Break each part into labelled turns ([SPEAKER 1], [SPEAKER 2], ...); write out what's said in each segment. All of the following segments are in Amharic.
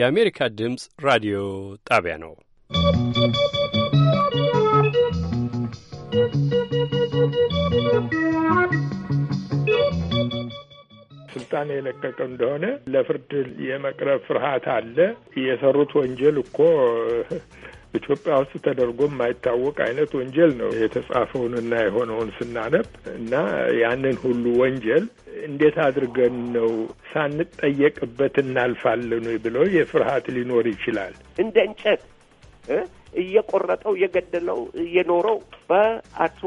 [SPEAKER 1] የአሜሪካ ድምፅ ራዲዮ ጣቢያ ነው።
[SPEAKER 2] ስልጣን የለቀቀው እንደሆነ ለፍርድ የመቅረብ ፍርሃት አለ። የሰሩት ወንጀል እኮ ኢትዮጵያ ውስጥ ተደርጎ የማይታወቅ አይነት ወንጀል ነው የተጻፈውንና የሆነውን ስናነብ እና ያንን ሁሉ ወንጀል እንዴት አድርገን ነው ሳንጠየቅበት እናልፋለን ብለው የፍርሃት ሊኖር ይችላል።
[SPEAKER 3] እንደ እንጨት እየቆረጠው እየገደለው እየኖረው በአቶ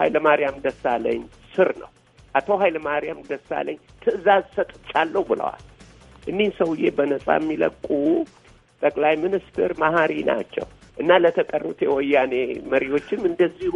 [SPEAKER 3] ኃይለማርያም ደሳለኝ ስር ነው። አቶ ኃይለማርያም ደሳለኝ ትዕዛዝ ሰጥቻለሁ ብለዋል። እኒህ ሰውዬ በነጻ የሚለቁ ጠቅላይ ሚኒስትር መሀሪ ናቸው። እና ለተቀሩት የወያኔ መሪዎችም እንደዚሁ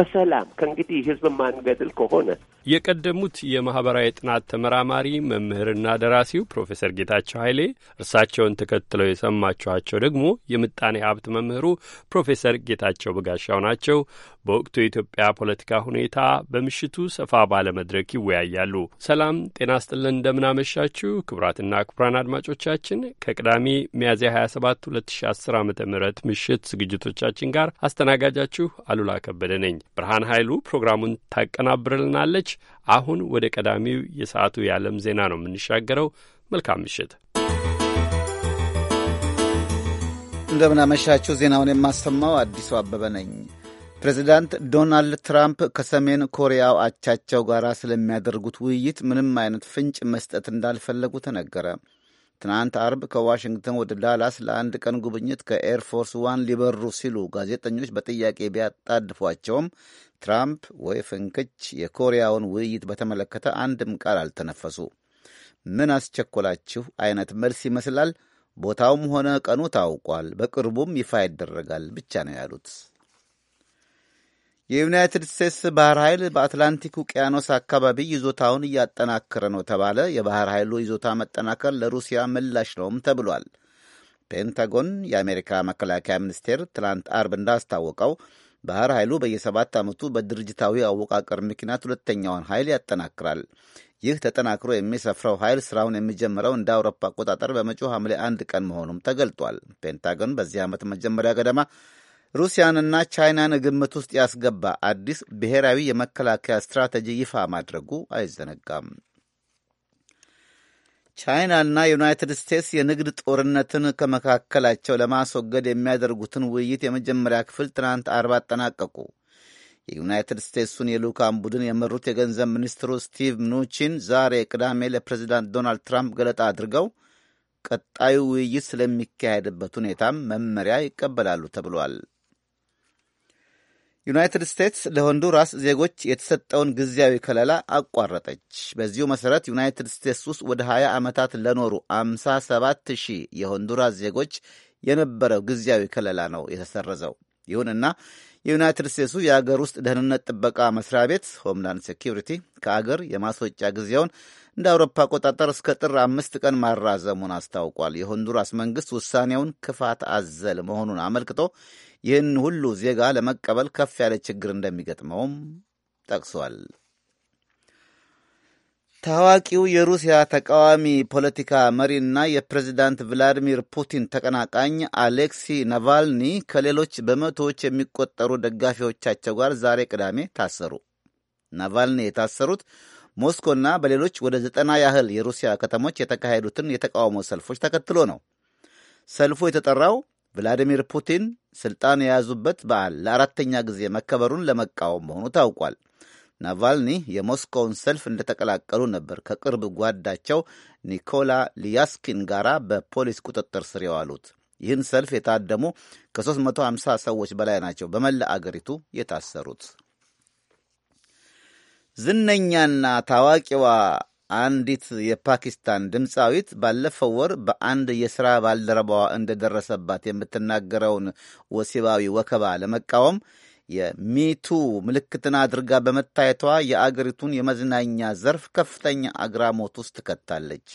[SPEAKER 3] በሰላም ከእንግዲህ ህዝብ ማንገድል ከሆነ
[SPEAKER 1] የቀደሙት የማህበራዊ ጥናት ተመራማሪ መምህርና ደራሲው ፕሮፌሰር ጌታቸው ኃይሌ እርሳቸውን ተከትለው የሰማችኋቸው ደግሞ የምጣኔ ሀብት መምህሩ ፕሮፌሰር ጌታቸው በጋሻው ናቸው። በወቅቱ የኢትዮጵያ ፖለቲካ ሁኔታ በምሽቱ ሰፋ ባለ መድረክ ይወያያሉ። ሰላም ጤና ስጥልን፣ እንደምናመሻችሁ ክቡራትና ክቡራን አድማጮቻችን ከቅዳሜ ሚያዝያ 27 2010 ዓ ም ምሽት ዝግጅቶቻችን ጋር አስተናጋጃችሁ አሉላ ከበደ ነኝ። ብርሃን ኃይሉ ፕሮግራሙን ታቀናብርልናለች። አሁን ወደ ቀዳሚው የሰዓቱ የዓለም ዜና ነው የምንሻገረው። መልካም ምሽት፣
[SPEAKER 4] እንደምናመሻችሁ። ዜናውን የማሰማው አዲሱ አበበ ነኝ። ፕሬዚዳንት ዶናልድ ትራምፕ ከሰሜን ኮሪያው አቻቸው ጋር ስለሚያደርጉት ውይይት ምንም አይነት ፍንጭ መስጠት እንዳልፈለጉ ተነገረ። ትናንት አርብ ከዋሽንግተን ወደ ዳላስ ለአንድ ቀን ጉብኝት ከኤርፎርስ ዋን ሊበሩ ሲሉ ጋዜጠኞች በጥያቄ ቢያጣድፏቸውም ትራምፕ ወይ ፍንክች የኮሪያውን ውይይት በተመለከተ አንድም ቃል አልተነፈሱ። ምን አስቸኮላችሁ አይነት መልስ ይመስላል። ቦታውም ሆነ ቀኑ ታውቋል፣ በቅርቡም ይፋ ይደረጋል ብቻ ነው ያሉት። የዩናይትድ ስቴትስ ባህር ኃይል በአትላንቲክ ውቅያኖስ አካባቢ ይዞታውን እያጠናከረ ነው ተባለ። የባህር ኃይሉ ይዞታ መጠናከር ለሩሲያ ምላሽ ነውም ተብሏል። ፔንታጎን የአሜሪካ መከላከያ ሚኒስቴር ትናንት አርብ እንዳስታወቀው ባህር ኃይሉ በየሰባት ዓመቱ በድርጅታዊ አወቃቀር ምክንያት ሁለተኛውን ኃይል ያጠናክራል። ይህ ተጠናክሮ የሚሰፍረው ኃይል ስራውን የሚጀምረው እንደ አውሮፓ አቆጣጠር በመጪው ሐምሌ አንድ ቀን መሆኑም ተገልጧል። ፔንታጎን በዚህ ዓመት መጀመሪያ ገደማ ሩሲያንና ቻይናን ግምት ውስጥ ያስገባ አዲስ ብሔራዊ የመከላከያ ስትራቴጂ ይፋ ማድረጉ አይዘነጋም። ቻይናና ዩናይትድ ስቴትስ የንግድ ጦርነትን ከመካከላቸው ለማስወገድ የሚያደርጉትን ውይይት የመጀመሪያ ክፍል ትናንት አርብ አጠናቀቁ። የዩናይትድ ስቴትሱን የልዑካን ቡድን የመሩት የገንዘብ ሚኒስትሩ ስቲቭ ኑቺን ዛሬ ቅዳሜ ለፕሬዚዳንት ዶናልድ ትራምፕ ገለጣ አድርገው ቀጣዩ ውይይት ስለሚካሄድበት ሁኔታም መመሪያ ይቀበላሉ ተብሏል። ዩናይትድ ስቴትስ ለሆንዱራስ ዜጎች የተሰጠውን ጊዜያዊ ከለላ አቋረጠች። በዚሁ መሠረት ዩናይትድ ስቴትስ ውስጥ ወደ 20 ዓመታት ለኖሩ 57 ሺህ የሆንዱራስ ዜጎች የነበረው ጊዜያዊ ከለላ ነው የተሰረዘው። ይሁንና የዩናይትድ ስቴትሱ የአገር ውስጥ ደህንነት ጥበቃ መስሪያ ቤት ሆምላንድ ሴኪሪቲ ከአገር የማስወጫ ጊዜውን እንደ አውሮፓ አቆጣጠር እስከ ጥር አምስት ቀን ማራዘሙን አስታውቋል። የሆንዱራስ መንግሥት ውሳኔውን ክፋት አዘል መሆኑን አመልክቶ ይህን ሁሉ ዜጋ ለመቀበል ከፍ ያለ ችግር እንደሚገጥመውም ጠቅሷል። ታዋቂው የሩሲያ ተቃዋሚ ፖለቲካ መሪና የፕሬዚዳንት ቭላዲሚር ፑቲን ተቀናቃኝ አሌክሲ ናቫልኒ ከሌሎች በመቶዎች የሚቆጠሩ ደጋፊዎቻቸው ጋር ዛሬ ቅዳሜ ታሰሩ። ናቫልኒ የታሰሩት ሞስኮና በሌሎች ወደ ዘጠና ያህል የሩሲያ ከተሞች የተካሄዱትን የተቃውሞ ሰልፎች ተከትሎ ነው። ሰልፉ የተጠራው ቭላዲሚር ፑቲን ስልጣን የያዙበት በዓል ለአራተኛ ጊዜ መከበሩን ለመቃወም መሆኑ ታውቋል። ናቫልኒ የሞስኮውን ሰልፍ እንደተቀላቀሉ ነበር ከቅርብ ጓዳቸው ኒኮላ ሊያስኪን ጋር በፖሊስ ቁጥጥር ስር የዋሉት። ይህን ሰልፍ የታደሙ ከ350 ሰዎች በላይ ናቸው በመላ አገሪቱ የታሰሩት። ዝነኛና ታዋቂዋ አንዲት የፓኪስታን ድምፃዊት ባለፈው ወር በአንድ የሥራ ባልደረባዋ እንደደረሰባት የምትናገረውን ወሲባዊ ወከባ ለመቃወም የሚቱ ምልክትን አድርጋ በመታየቷ የአገሪቱን የመዝናኛ ዘርፍ ከፍተኛ አግራሞት ውስጥ ትከታለች።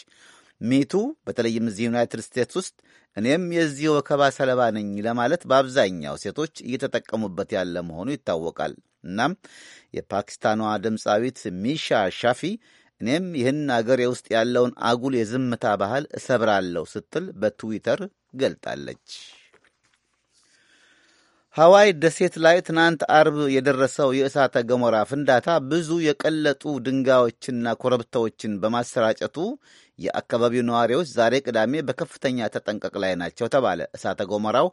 [SPEAKER 4] ሚቱ በተለይም እዚህ ዩናይትድ ስቴትስ ውስጥ እኔም የዚህ ወከባ ሰለባ ነኝ ለማለት በአብዛኛው ሴቶች እየተጠቀሙበት ያለ መሆኑ ይታወቃል። እናም የፓኪስታኗ ድምፃዊት ሚሻ ሻፊ እኔም ይህን አገሬ ውስጥ ያለውን አጉል የዝምታ ባህል እሰብራለሁ ስትል በትዊተር ገልጣለች። ሐዋይ ደሴት ላይ ትናንት አርብ የደረሰው የእሳተ ገሞራ ፍንዳታ ብዙ የቀለጡ ድንጋዮችና ኮረብታዎችን በማሰራጨቱ የአካባቢው ነዋሪዎች ዛሬ ቅዳሜ በከፍተኛ ተጠንቀቅ ላይ ናቸው ተባለ። እሳተ ገሞራው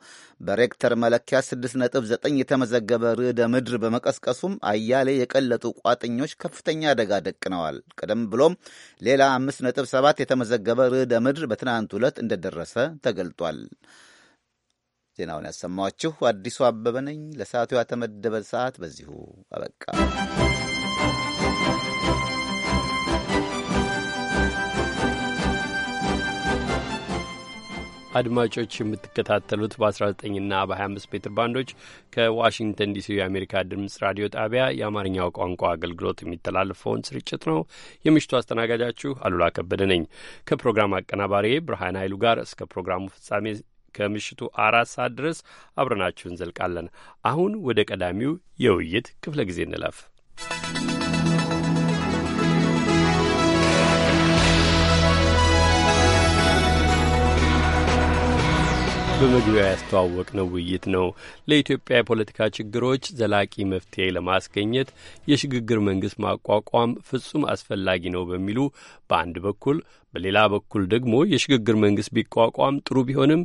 [SPEAKER 4] በሬክተር መለኪያ 6.9 የተመዘገበ ርዕደ ምድር በመቀስቀሱም አያሌ የቀለጡ ቋጥኞች ከፍተኛ አደጋ ደቅነዋል። ቀደም ብሎም ሌላ 5.7 የተመዘገበ ርዕደ ምድር በትናንት ዕለት እንደደረሰ ተገልጧል። ዜናውን ያሰማችሁ አዲሱ አበበ ነኝ። ለሰዓቱ ያተመደበ ሰዓት በዚሁ አበቃ።
[SPEAKER 1] አድማጮች የምትከታተሉት በ19ና በ25 ሜትር ባንዶች ከዋሽንግተን ዲሲ የአሜሪካ ድምፅ ራዲዮ ጣቢያ የአማርኛው ቋንቋ አገልግሎት የሚተላለፈውን ስርጭት ነው። የምሽቱ አስተናጋጃችሁ አሉላ ከበደ ነኝ። ከፕሮግራም አቀናባሪ ብርሃን ኃይሉ ጋር እስከ ፕሮግራሙ ፍጻሜ ከምሽቱ አራት ሰዓት ድረስ አብረናችሁ እንዘልቃለን። አሁን ወደ ቀዳሚው የውይይት ክፍለ ጊዜ እንለፍ። በመግቢያው ያስተዋወቅነው ውይይት ነው ለኢትዮጵያ የፖለቲካ ችግሮች ዘላቂ መፍትሄ ለማስገኘት የሽግግር መንግስት ማቋቋም ፍጹም አስፈላጊ ነው በሚሉ በአንድ በኩል፣ በሌላ በኩል ደግሞ የሽግግር መንግስት ቢቋቋም ጥሩ ቢሆንም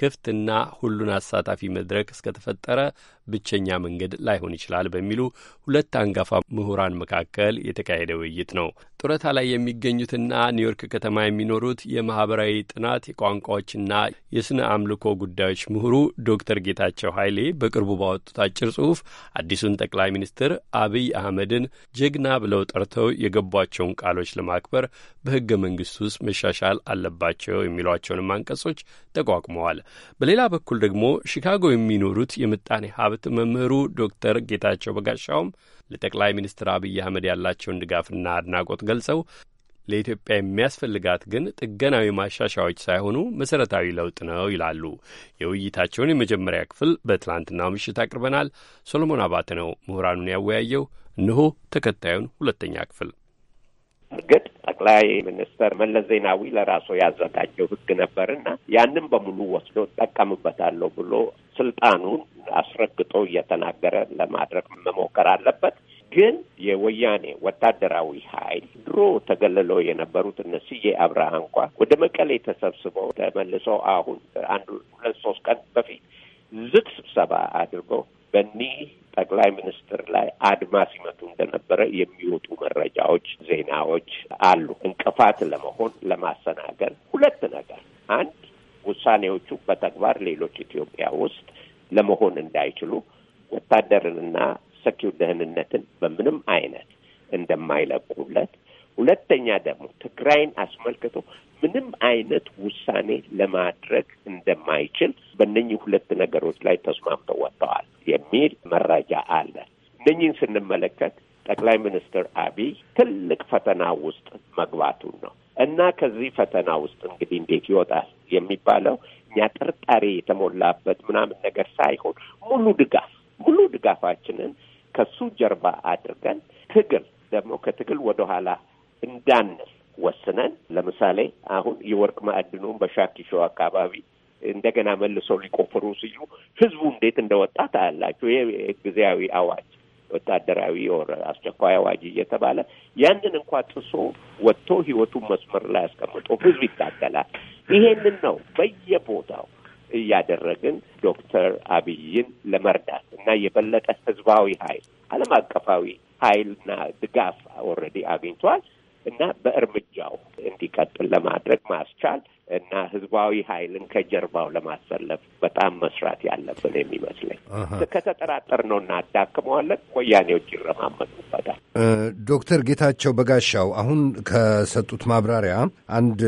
[SPEAKER 1] ክፍትና ሁሉን አሳታፊ መድረክ እስከተፈጠረ ብቸኛ መንገድ ላይሆን ይችላል በሚሉ ሁለት አንጋፋ ምሁራን መካከል የተካሄደ ውይይት ነው። ጡረታ ላይ የሚገኙትና ኒውዮርክ ከተማ የሚኖሩት የማህበራዊ ጥናት የቋንቋዎችና የሥነ አምልኮ ጉዳዮች ምሁሩ ዶክተር ጌታቸው ኃይሌ በቅርቡ ባወጡት አጭር ጽሑፍ አዲሱን ጠቅላይ ሚኒስትር አብይ አህመድን ጀግና ብለው ጠርተው የገቧቸውን ቃሎች ለማክበር በሕገ መንግስት ውስጥ መሻሻል አለባቸው የሚሏቸውንም አንቀጾች ተቋቁመዋል። በሌላ በኩል ደግሞ ሺካጎ የሚኖሩት የምጣኔ ሀብት ትምህርት መምህሩ ዶክተር ጌታቸው በጋሻውም ለጠቅላይ ሚኒስትር አብይ አህመድ ያላቸውን ድጋፍና አድናቆት ገልጸው ለኢትዮጵያ የሚያስፈልጋት ግን ጥገናዊ ማሻሻያዎች ሳይሆኑ መሰረታዊ ለውጥ ነው ይላሉ። የውይይታቸውን የመጀመሪያ ክፍል በትላንትናው ምሽት አቅርበናል። ሶሎሞን አባተ ነው ምሁራኑን ያወያየው። ንሆ ተከታዩን ሁለተኛ ክፍል
[SPEAKER 3] እርግጥ ጠቅላይ ሚኒስተር መለስ ዜናዊ ለራሱ ያዘጋጀው ህግ ነበርና ያንን በሙሉ ወስዶ እጠቀምበታለሁ ብሎ ስልጣኑን አስረግጦ እየተናገረ ለማድረግ መሞከር አለበት። ግን የወያኔ ወታደራዊ ኃይል ድሮ ተገልለው የነበሩት እነ ስዬ አብርሃ እንኳ ወደ መቀሌ ተሰብስበው ተመልሶ አሁን አንድ ሁለት ሶስት ቀን በፊት ዝግ ስብሰባ አድርገው በኒህ ጠቅላይ ሚኒስትር ላይ አድማ ሲመቱ እንደነበረ የሚወጡ መረጃዎች፣ ዜናዎች አሉ። እንቅፋት ለመሆን ለማሰናገር ሁለት ነገር፣ አንድ ውሳኔዎቹ በተግባር ሌሎች ኢትዮጵያ ውስጥ ለመሆን እንዳይችሉ ወታደርንና ሰኪው ደህንነትን በምንም አይነት እንደማይለቁለት ሁለተኛ ደግሞ ትግራይን አስመልክቶ ምንም አይነት ውሳኔ ለማድረግ እንደማይችል በእነኚህ ሁለት ነገሮች ላይ ተስማምተው ወጥተዋል የሚል መረጃ አለ። እነኚህን ስንመለከት ጠቅላይ ሚኒስትር አብይ ትልቅ ፈተና ውስጥ መግባቱን ነው እና ከዚህ ፈተና ውስጥ እንግዲህ እንዴት ይወጣል የሚባለው እኛ ጥርጣሬ የተሞላበት ምናምን ነገር ሳይሆን ሙሉ ድጋፍ ሙሉ ድጋፋችንን ከሱ ጀርባ አድርገን ትግል ደግሞ ከትግል ወደኋላ እንዳንል ወስነን ለምሳሌ አሁን የወርቅ ማዕድኑን በሻኪሾ አካባቢ እንደገና መልሰው ሊቆፍሩ ሲሉ ህዝቡ እንዴት እንደወጣ ታያላችሁ። ይሄ ጊዜያዊ አዋጅ ወታደራዊ ወር አስቸኳይ አዋጅ እየተባለ ያንን እንኳ ጥሶ ወጥቶ ህይወቱን መስመር ላይ አስቀምጦ ህዝብ ይታገላል። ይሄንን ነው በየቦታው እያደረግን ዶክተር አብይን ለመርዳት እና የበለጠ ህዝባዊ ኃይል አለም አቀፋዊ ኃይልና ድጋፍ ኦልሬዲ አግኝቷል። እና በእርምጃው እንዲቀጥል ለማድረግ ማስቻል እና ህዝባዊ ኃይልን ከጀርባው ለማሰለፍ በጣም መስራት ያለብን የሚመስለኝ ከተጠራጠር ነው እናዳክመዋለን። ወያኔዎች ይረማመጡበታል።
[SPEAKER 5] ዶክተር ጌታቸው በጋሻው አሁን ከሰጡት ማብራሪያ አንድ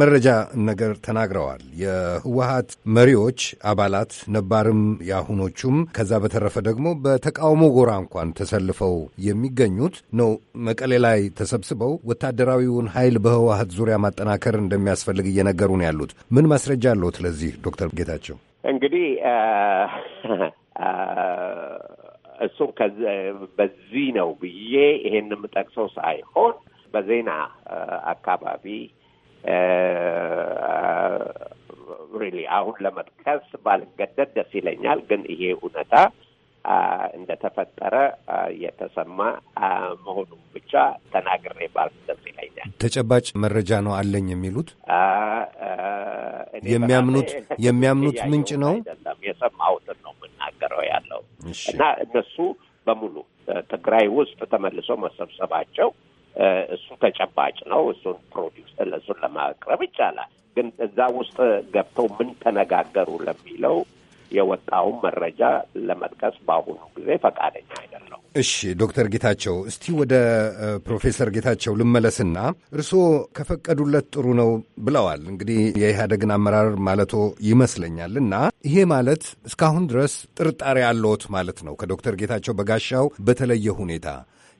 [SPEAKER 5] መረጃ ነገር ተናግረዋል። የህወሀት መሪዎች አባላት ነባርም የአሁኖቹም ከዛ በተረፈ ደግሞ በተቃውሞ ጎራ እንኳን ተሰልፈው የሚገኙት ነው መቀሌ ላይ ተሰብስበው ወታደራዊውን ኃይል በህወሀት ዙሪያ ማጠናከር እንደሚያስፈልግ እየነገ እየተናገሩ ነው ያሉት። ምን ማስረጃ አለዎት ለዚህ ዶክተር ጌታቸው?
[SPEAKER 3] እንግዲህ እሱም በዚህ ነው ብዬ ይሄን የምጠቅሰው ሳይሆን በዜና አካባቢ ሪሊ አሁን ለመጥቀስ ባልገደድ ደስ ይለኛል። ግን ይሄ እውነታ እንደተፈጠረ የተሰማ መሆኑ ብቻ ተናግሬ ባልፍ ደስ ይለኛል።
[SPEAKER 5] ተጨባጭ መረጃ ነው አለኝ የሚሉት
[SPEAKER 3] የሚያምኑት የሚያምኑት ምንጭ ነው አይደለም፣ የሰማሁትን ነው የምናገረው ያለው እና እነሱ በሙሉ ትግራይ ውስጥ ተመልሶ መሰብሰባቸው እሱ ተጨባጭ ነው። እሱን ፕሮዲውስ እሱን ለማቅረብ ይቻላል። ግን እዛ ውስጥ ገብተው ምን ተነጋገሩ ለሚለው የወጣውን መረጃ ለመጥቀስ በአሁኑ ጊዜ ፈቃደኛ
[SPEAKER 5] አይደለሁ። እሺ ዶክተር ጌታቸው እስቲ ወደ ፕሮፌሰር ጌታቸው ልመለስና እርስዎ ከፈቀዱለት ጥሩ ነው ብለዋል። እንግዲህ የኢህአደግን አመራር ማለቶ ይመስለኛል እና ይሄ ማለት እስካሁን ድረስ ጥርጣሬ አለዎት ማለት ነው ከዶክተር ጌታቸው በጋሻው በተለየ ሁኔታ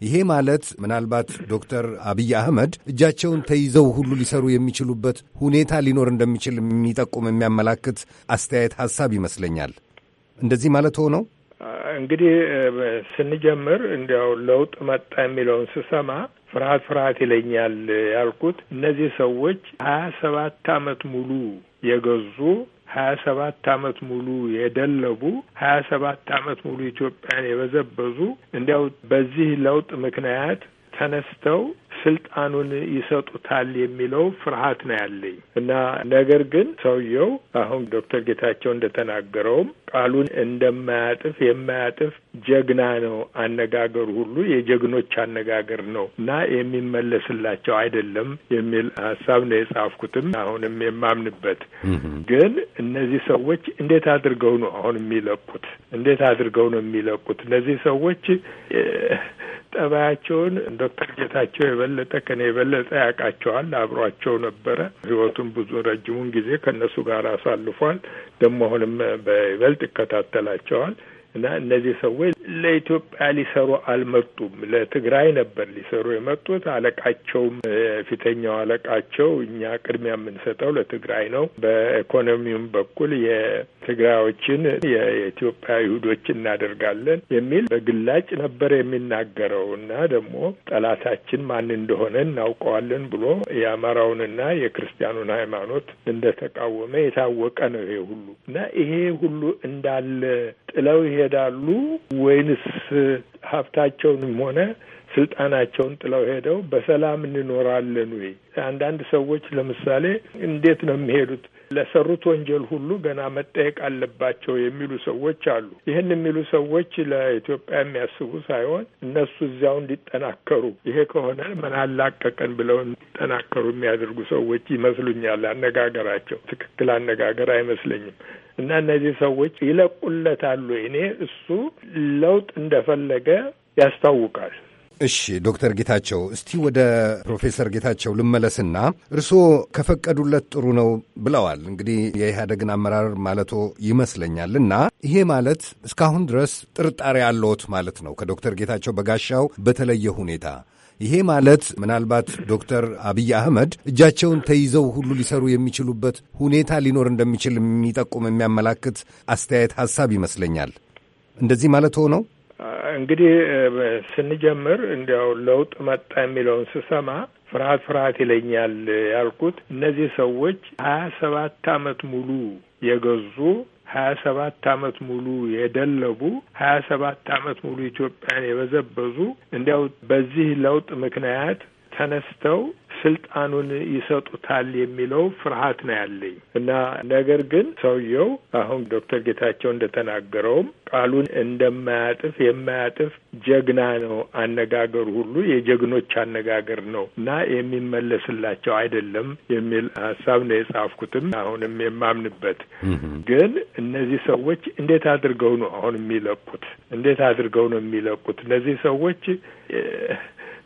[SPEAKER 5] ይሄ ማለት ምናልባት ዶክተር አብይ አህመድ እጃቸውን ተይዘው ሁሉ ሊሰሩ የሚችሉበት ሁኔታ ሊኖር እንደሚችል የሚጠቁም የሚያመላክት አስተያየት ሀሳብ ይመስለኛል። እንደዚህ ማለት ሆነው
[SPEAKER 2] እንግዲህ ስንጀምር እንዲያው ለውጥ መጣ የሚለውን ስሰማ ፍርሃት ፍርሃት ይለኛል ያልኩት እነዚህ ሰዎች ሀያ ሰባት አመት ሙሉ የገዙ ሀያ ሰባት አመት ሙሉ የደለቡ ሀያ ሰባት አመት ሙሉ ኢትዮጵያን የበዘበዙ እንዲያው በዚህ ለውጥ ምክንያት ተነስተው ስልጣኑን ይሰጡታል የሚለው ፍርሀት ነው ያለኝ እና ነገር ግን ሰውየው አሁን ዶክተር ጌታቸው እንደተናገረውም ቃሉን እንደማያጥፍ የማያጥፍ ጀግና ነው። አነጋገሩ ሁሉ የጀግኖች አነጋገር ነው እና የሚመለስላቸው አይደለም የሚል ሀሳብ ነው የጻፍኩትም አሁንም የማምንበት ግን እነዚህ ሰዎች እንዴት አድርገው ነው አሁን የሚለቁት? እንዴት አድርገው ነው የሚለቁት? እነዚህ ሰዎች ጠባያቸውን ዶክተር ጌታቸው የበለጠ ከኔ የበለጠ ያውቃቸዋል። አብሯቸው ነበረ። ህይወቱን ብዙ ረጅሙን ጊዜ ከእነሱ ጋር አሳልፏል። ደግሞ አሁንም በይበልጥ ይከታተላቸዋል። እና እነዚህ ሰዎች ለኢትዮጵያ ሊሰሩ አልመጡም። ለትግራይ ነበር ሊሰሩ የመጡት። አለቃቸውም ፊተኛው አለቃቸው እኛ ቅድሚያ የምንሰጠው ለትግራይ ነው፣ በኢኮኖሚውም በኩል የትግራዮችን የኢትዮጵያ ይሁዶች እናደርጋለን የሚል በግላጭ ነበር የሚናገረው እና ደግሞ ጠላታችን ማን እንደሆነ እናውቀዋለን ብሎ የአማራውንና የክርስቲያኑን ሃይማኖት እንደተቃወመ የታወቀ ነው ይሄ ሁሉ እና ይሄ ሁሉ እንዳለ ጥለው ይሄ ይሄዳሉ ወይንስ ሀብታቸውንም ሆነ ስልጣናቸውን ጥለው ሄደው በሰላም እንኖራለን ወይ? አንዳንድ ሰዎች ለምሳሌ እንዴት ነው የሚሄዱት? ለሰሩት ወንጀል ሁሉ ገና መጠየቅ አለባቸው የሚሉ ሰዎች አሉ። ይህን የሚሉ ሰዎች ለኢትዮጵያ የሚያስቡ ሳይሆን እነሱ እዚያው እንዲጠናከሩ ይሄ ከሆነ ምን አላቀቀን ብለው እንዲጠናከሩ የሚያደርጉ ሰዎች ይመስሉኛል። አነጋገራቸው ትክክል አነጋገር አይመስለኝም። እና እነዚህ ሰዎች ይለቁለታሉ። እኔ እሱ ለውጥ እንደፈለገ ያስታውቃል።
[SPEAKER 5] እሺ ዶክተር ጌታቸው እስቲ ወደ ፕሮፌሰር ጌታቸው ልመለስና እርስዎ ከፈቀዱለት ጥሩ ነው ብለዋል። እንግዲህ የኢህአደግን አመራር ማለቶ ይመስለኛል እና ይሄ ማለት እስካሁን ድረስ ጥርጣሬ አለዎት ማለት ነው ከዶክተር ጌታቸው በጋሻው በተለየ ሁኔታ ይሄ ማለት ምናልባት ዶክተር አብይ አህመድ እጃቸውን ተይዘው ሁሉ ሊሰሩ የሚችሉበት ሁኔታ ሊኖር እንደሚችል የሚጠቁም የሚያመላክት አስተያየት ሀሳብ ይመስለኛል። እንደዚህ ማለት ሆነው
[SPEAKER 2] እንግዲህ ስንጀምር እንዲያው ለውጥ መጣ የሚለውን ስሰማ ፍርሃት ፍርሃት ይለኛል ያልኩት እነዚህ ሰዎች ሀያ ሰባት አመት ሙሉ የገዙ ሀያ ሰባት አመት ሙሉ የደለቡ ሀያ ሰባት አመት ሙሉ ኢትዮጵያን የበዘበዙ እንዲያው በዚህ ለውጥ ምክንያት ተነስተው ስልጣኑን ይሰጡታል የሚለው ፍርሃት ነው ያለኝ እና ነገር ግን ሰውየው አሁን ዶክተር ጌታቸው እንደተናገረውም ቃሉን እንደማያጥፍ የማያጥፍ ጀግና ነው። አነጋገር ሁሉ የጀግኖች አነጋገር ነው እና የሚመለስላቸው አይደለም የሚል ሀሳብ ነው የጻፍኩትም አሁንም የማምንበት። ግን እነዚህ ሰዎች እንዴት አድርገው ነው አሁን የሚለቁት? እንዴት አድርገው ነው የሚለቁት? እነዚህ ሰዎች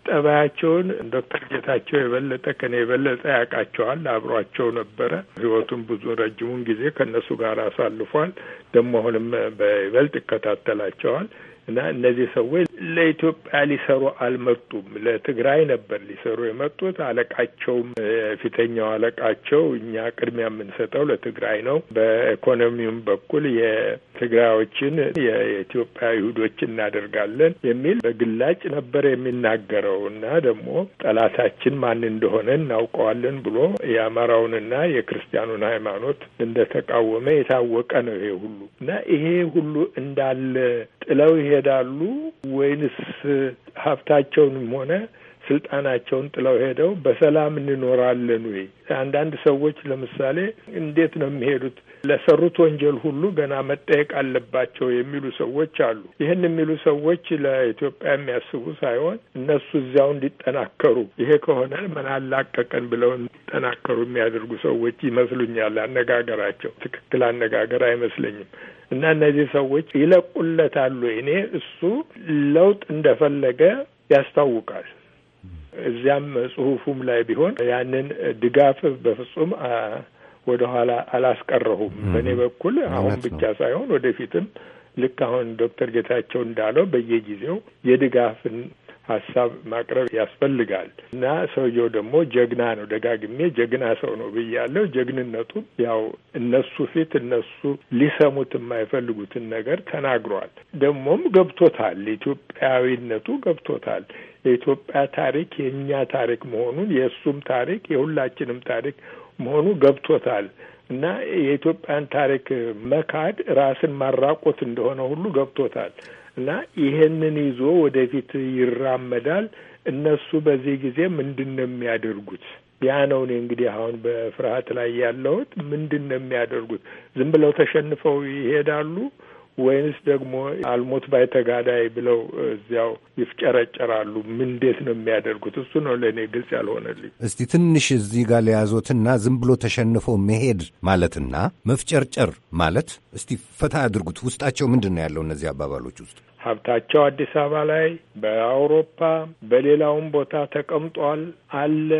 [SPEAKER 2] ጠባያቸውን ዶክተር ጌታቸው የበለጠ ከኔ የበለጠ ያውቃቸዋል። አብሯቸው ነበረ። ህይወቱን ብዙ ረጅሙን ጊዜ ከእነሱ ጋር አሳልፏል። ደግሞ አሁንም በይበልጥ ይከታተላቸዋል። እና እነዚህ ሰዎች ለኢትዮጵያ ሊሰሩ አልመጡም። ለትግራይ ነበር ሊሰሩ የመጡት። አለቃቸውም የፊተኛው አለቃቸው እኛ ቅድሚያ የምንሰጠው ለትግራይ ነው፣ በኢኮኖሚውም በኩል የትግራዮችን የኢትዮጵያ ይሁዶች እናደርጋለን የሚል በግላጭ ነበር የሚናገረው እና ደግሞ ጠላታችን ማን እንደሆነ እናውቀዋለን ብሎ የአማራውንና የክርስቲያኑን ሃይማኖት እንደተቃወመ የታወቀ ነው ይሄ ሁሉ እና ይሄ ሁሉ እንዳለ ጥለው ይሄዳሉ ወይንስ ሀብታቸውንም ሆነ ስልጣናቸውን ጥለው ሄደው በሰላም እንኖራለን ወይ? አንዳንድ ሰዎች ለምሳሌ እንዴት ነው የሚሄዱት? ለሰሩት ወንጀል ሁሉ ገና መጠየቅ አለባቸው የሚሉ ሰዎች አሉ። ይህን የሚሉ ሰዎች ለኢትዮጵያ የሚያስቡ ሳይሆን እነሱ እዚያው እንዲጠናከሩ ይሄ ከሆነ ምን አላቀቀን ብለው እንዲጠናከሩ የሚያደርጉ ሰዎች ይመስሉኛል። አነጋገራቸው ትክክል አነጋገር አይመስለኝም። እና እነዚህ ሰዎች ይለቁለታሉ። እኔ እሱ ለውጥ እንደፈለገ ያስታውቃል። እዚያም ጽሁፉም ላይ ቢሆን ያንን ድጋፍ በፍጹም ወደኋላ አላስቀረሁም። በእኔ በኩል አሁን ብቻ ሳይሆን ወደፊትም ልክ አሁን ዶክተር ጌታቸው እንዳለው በየጊዜው የድጋፍን ሀሳብ ማቅረብ ያስፈልጋል እና ሰውየው ደግሞ ጀግና ነው። ደጋግሜ ጀግና ሰው ነው ብያለሁ። ጀግንነቱ ያው እነሱ ፊት እነሱ ሊሰሙት የማይፈልጉትን ነገር ተናግሯል። ደግሞም ገብቶታል። ኢትዮጵያዊነቱ ገብቶታል። የኢትዮጵያ ታሪክ የእኛ ታሪክ መሆኑን የእሱም ታሪክ የሁላችንም ታሪክ መሆኑ ገብቶታል እና የኢትዮጵያን ታሪክ መካድ ራስን ማራቆት እንደሆነ ሁሉ ገብቶታል እና ይሄንን ይዞ ወደፊት ይራመዳል። እነሱ በዚህ ጊዜ ምንድን ነው የሚያደርጉት? ያ ነው እኔ እንግዲህ አሁን በፍርሀት ላይ ያለሁት። ምንድን ነው የሚያደርጉት? ዝም ብለው ተሸንፈው ይሄዳሉ ወይንስ ደግሞ አልሞት ባይ ተጋዳይ ብለው እዚያው ይፍጨረጨራሉ? ምን እንዴት ነው የሚያደርጉት? እሱ ነው ለእኔ ግልጽ ያልሆነልኝ።
[SPEAKER 5] እስቲ ትንሽ እዚህ ጋር ለያዞትና ዝም ብሎ ተሸንፎ መሄድ ማለትና መፍጨርጨር ማለት እስቲ ፈታ አድርጉት። ውስጣቸው ምንድን ነው ያለው እነዚህ አባባሎች
[SPEAKER 2] ውስጥ ሀብታቸው አዲስ አበባ ላይ በአውሮፓ በሌላውም ቦታ ተቀምጧል አለ።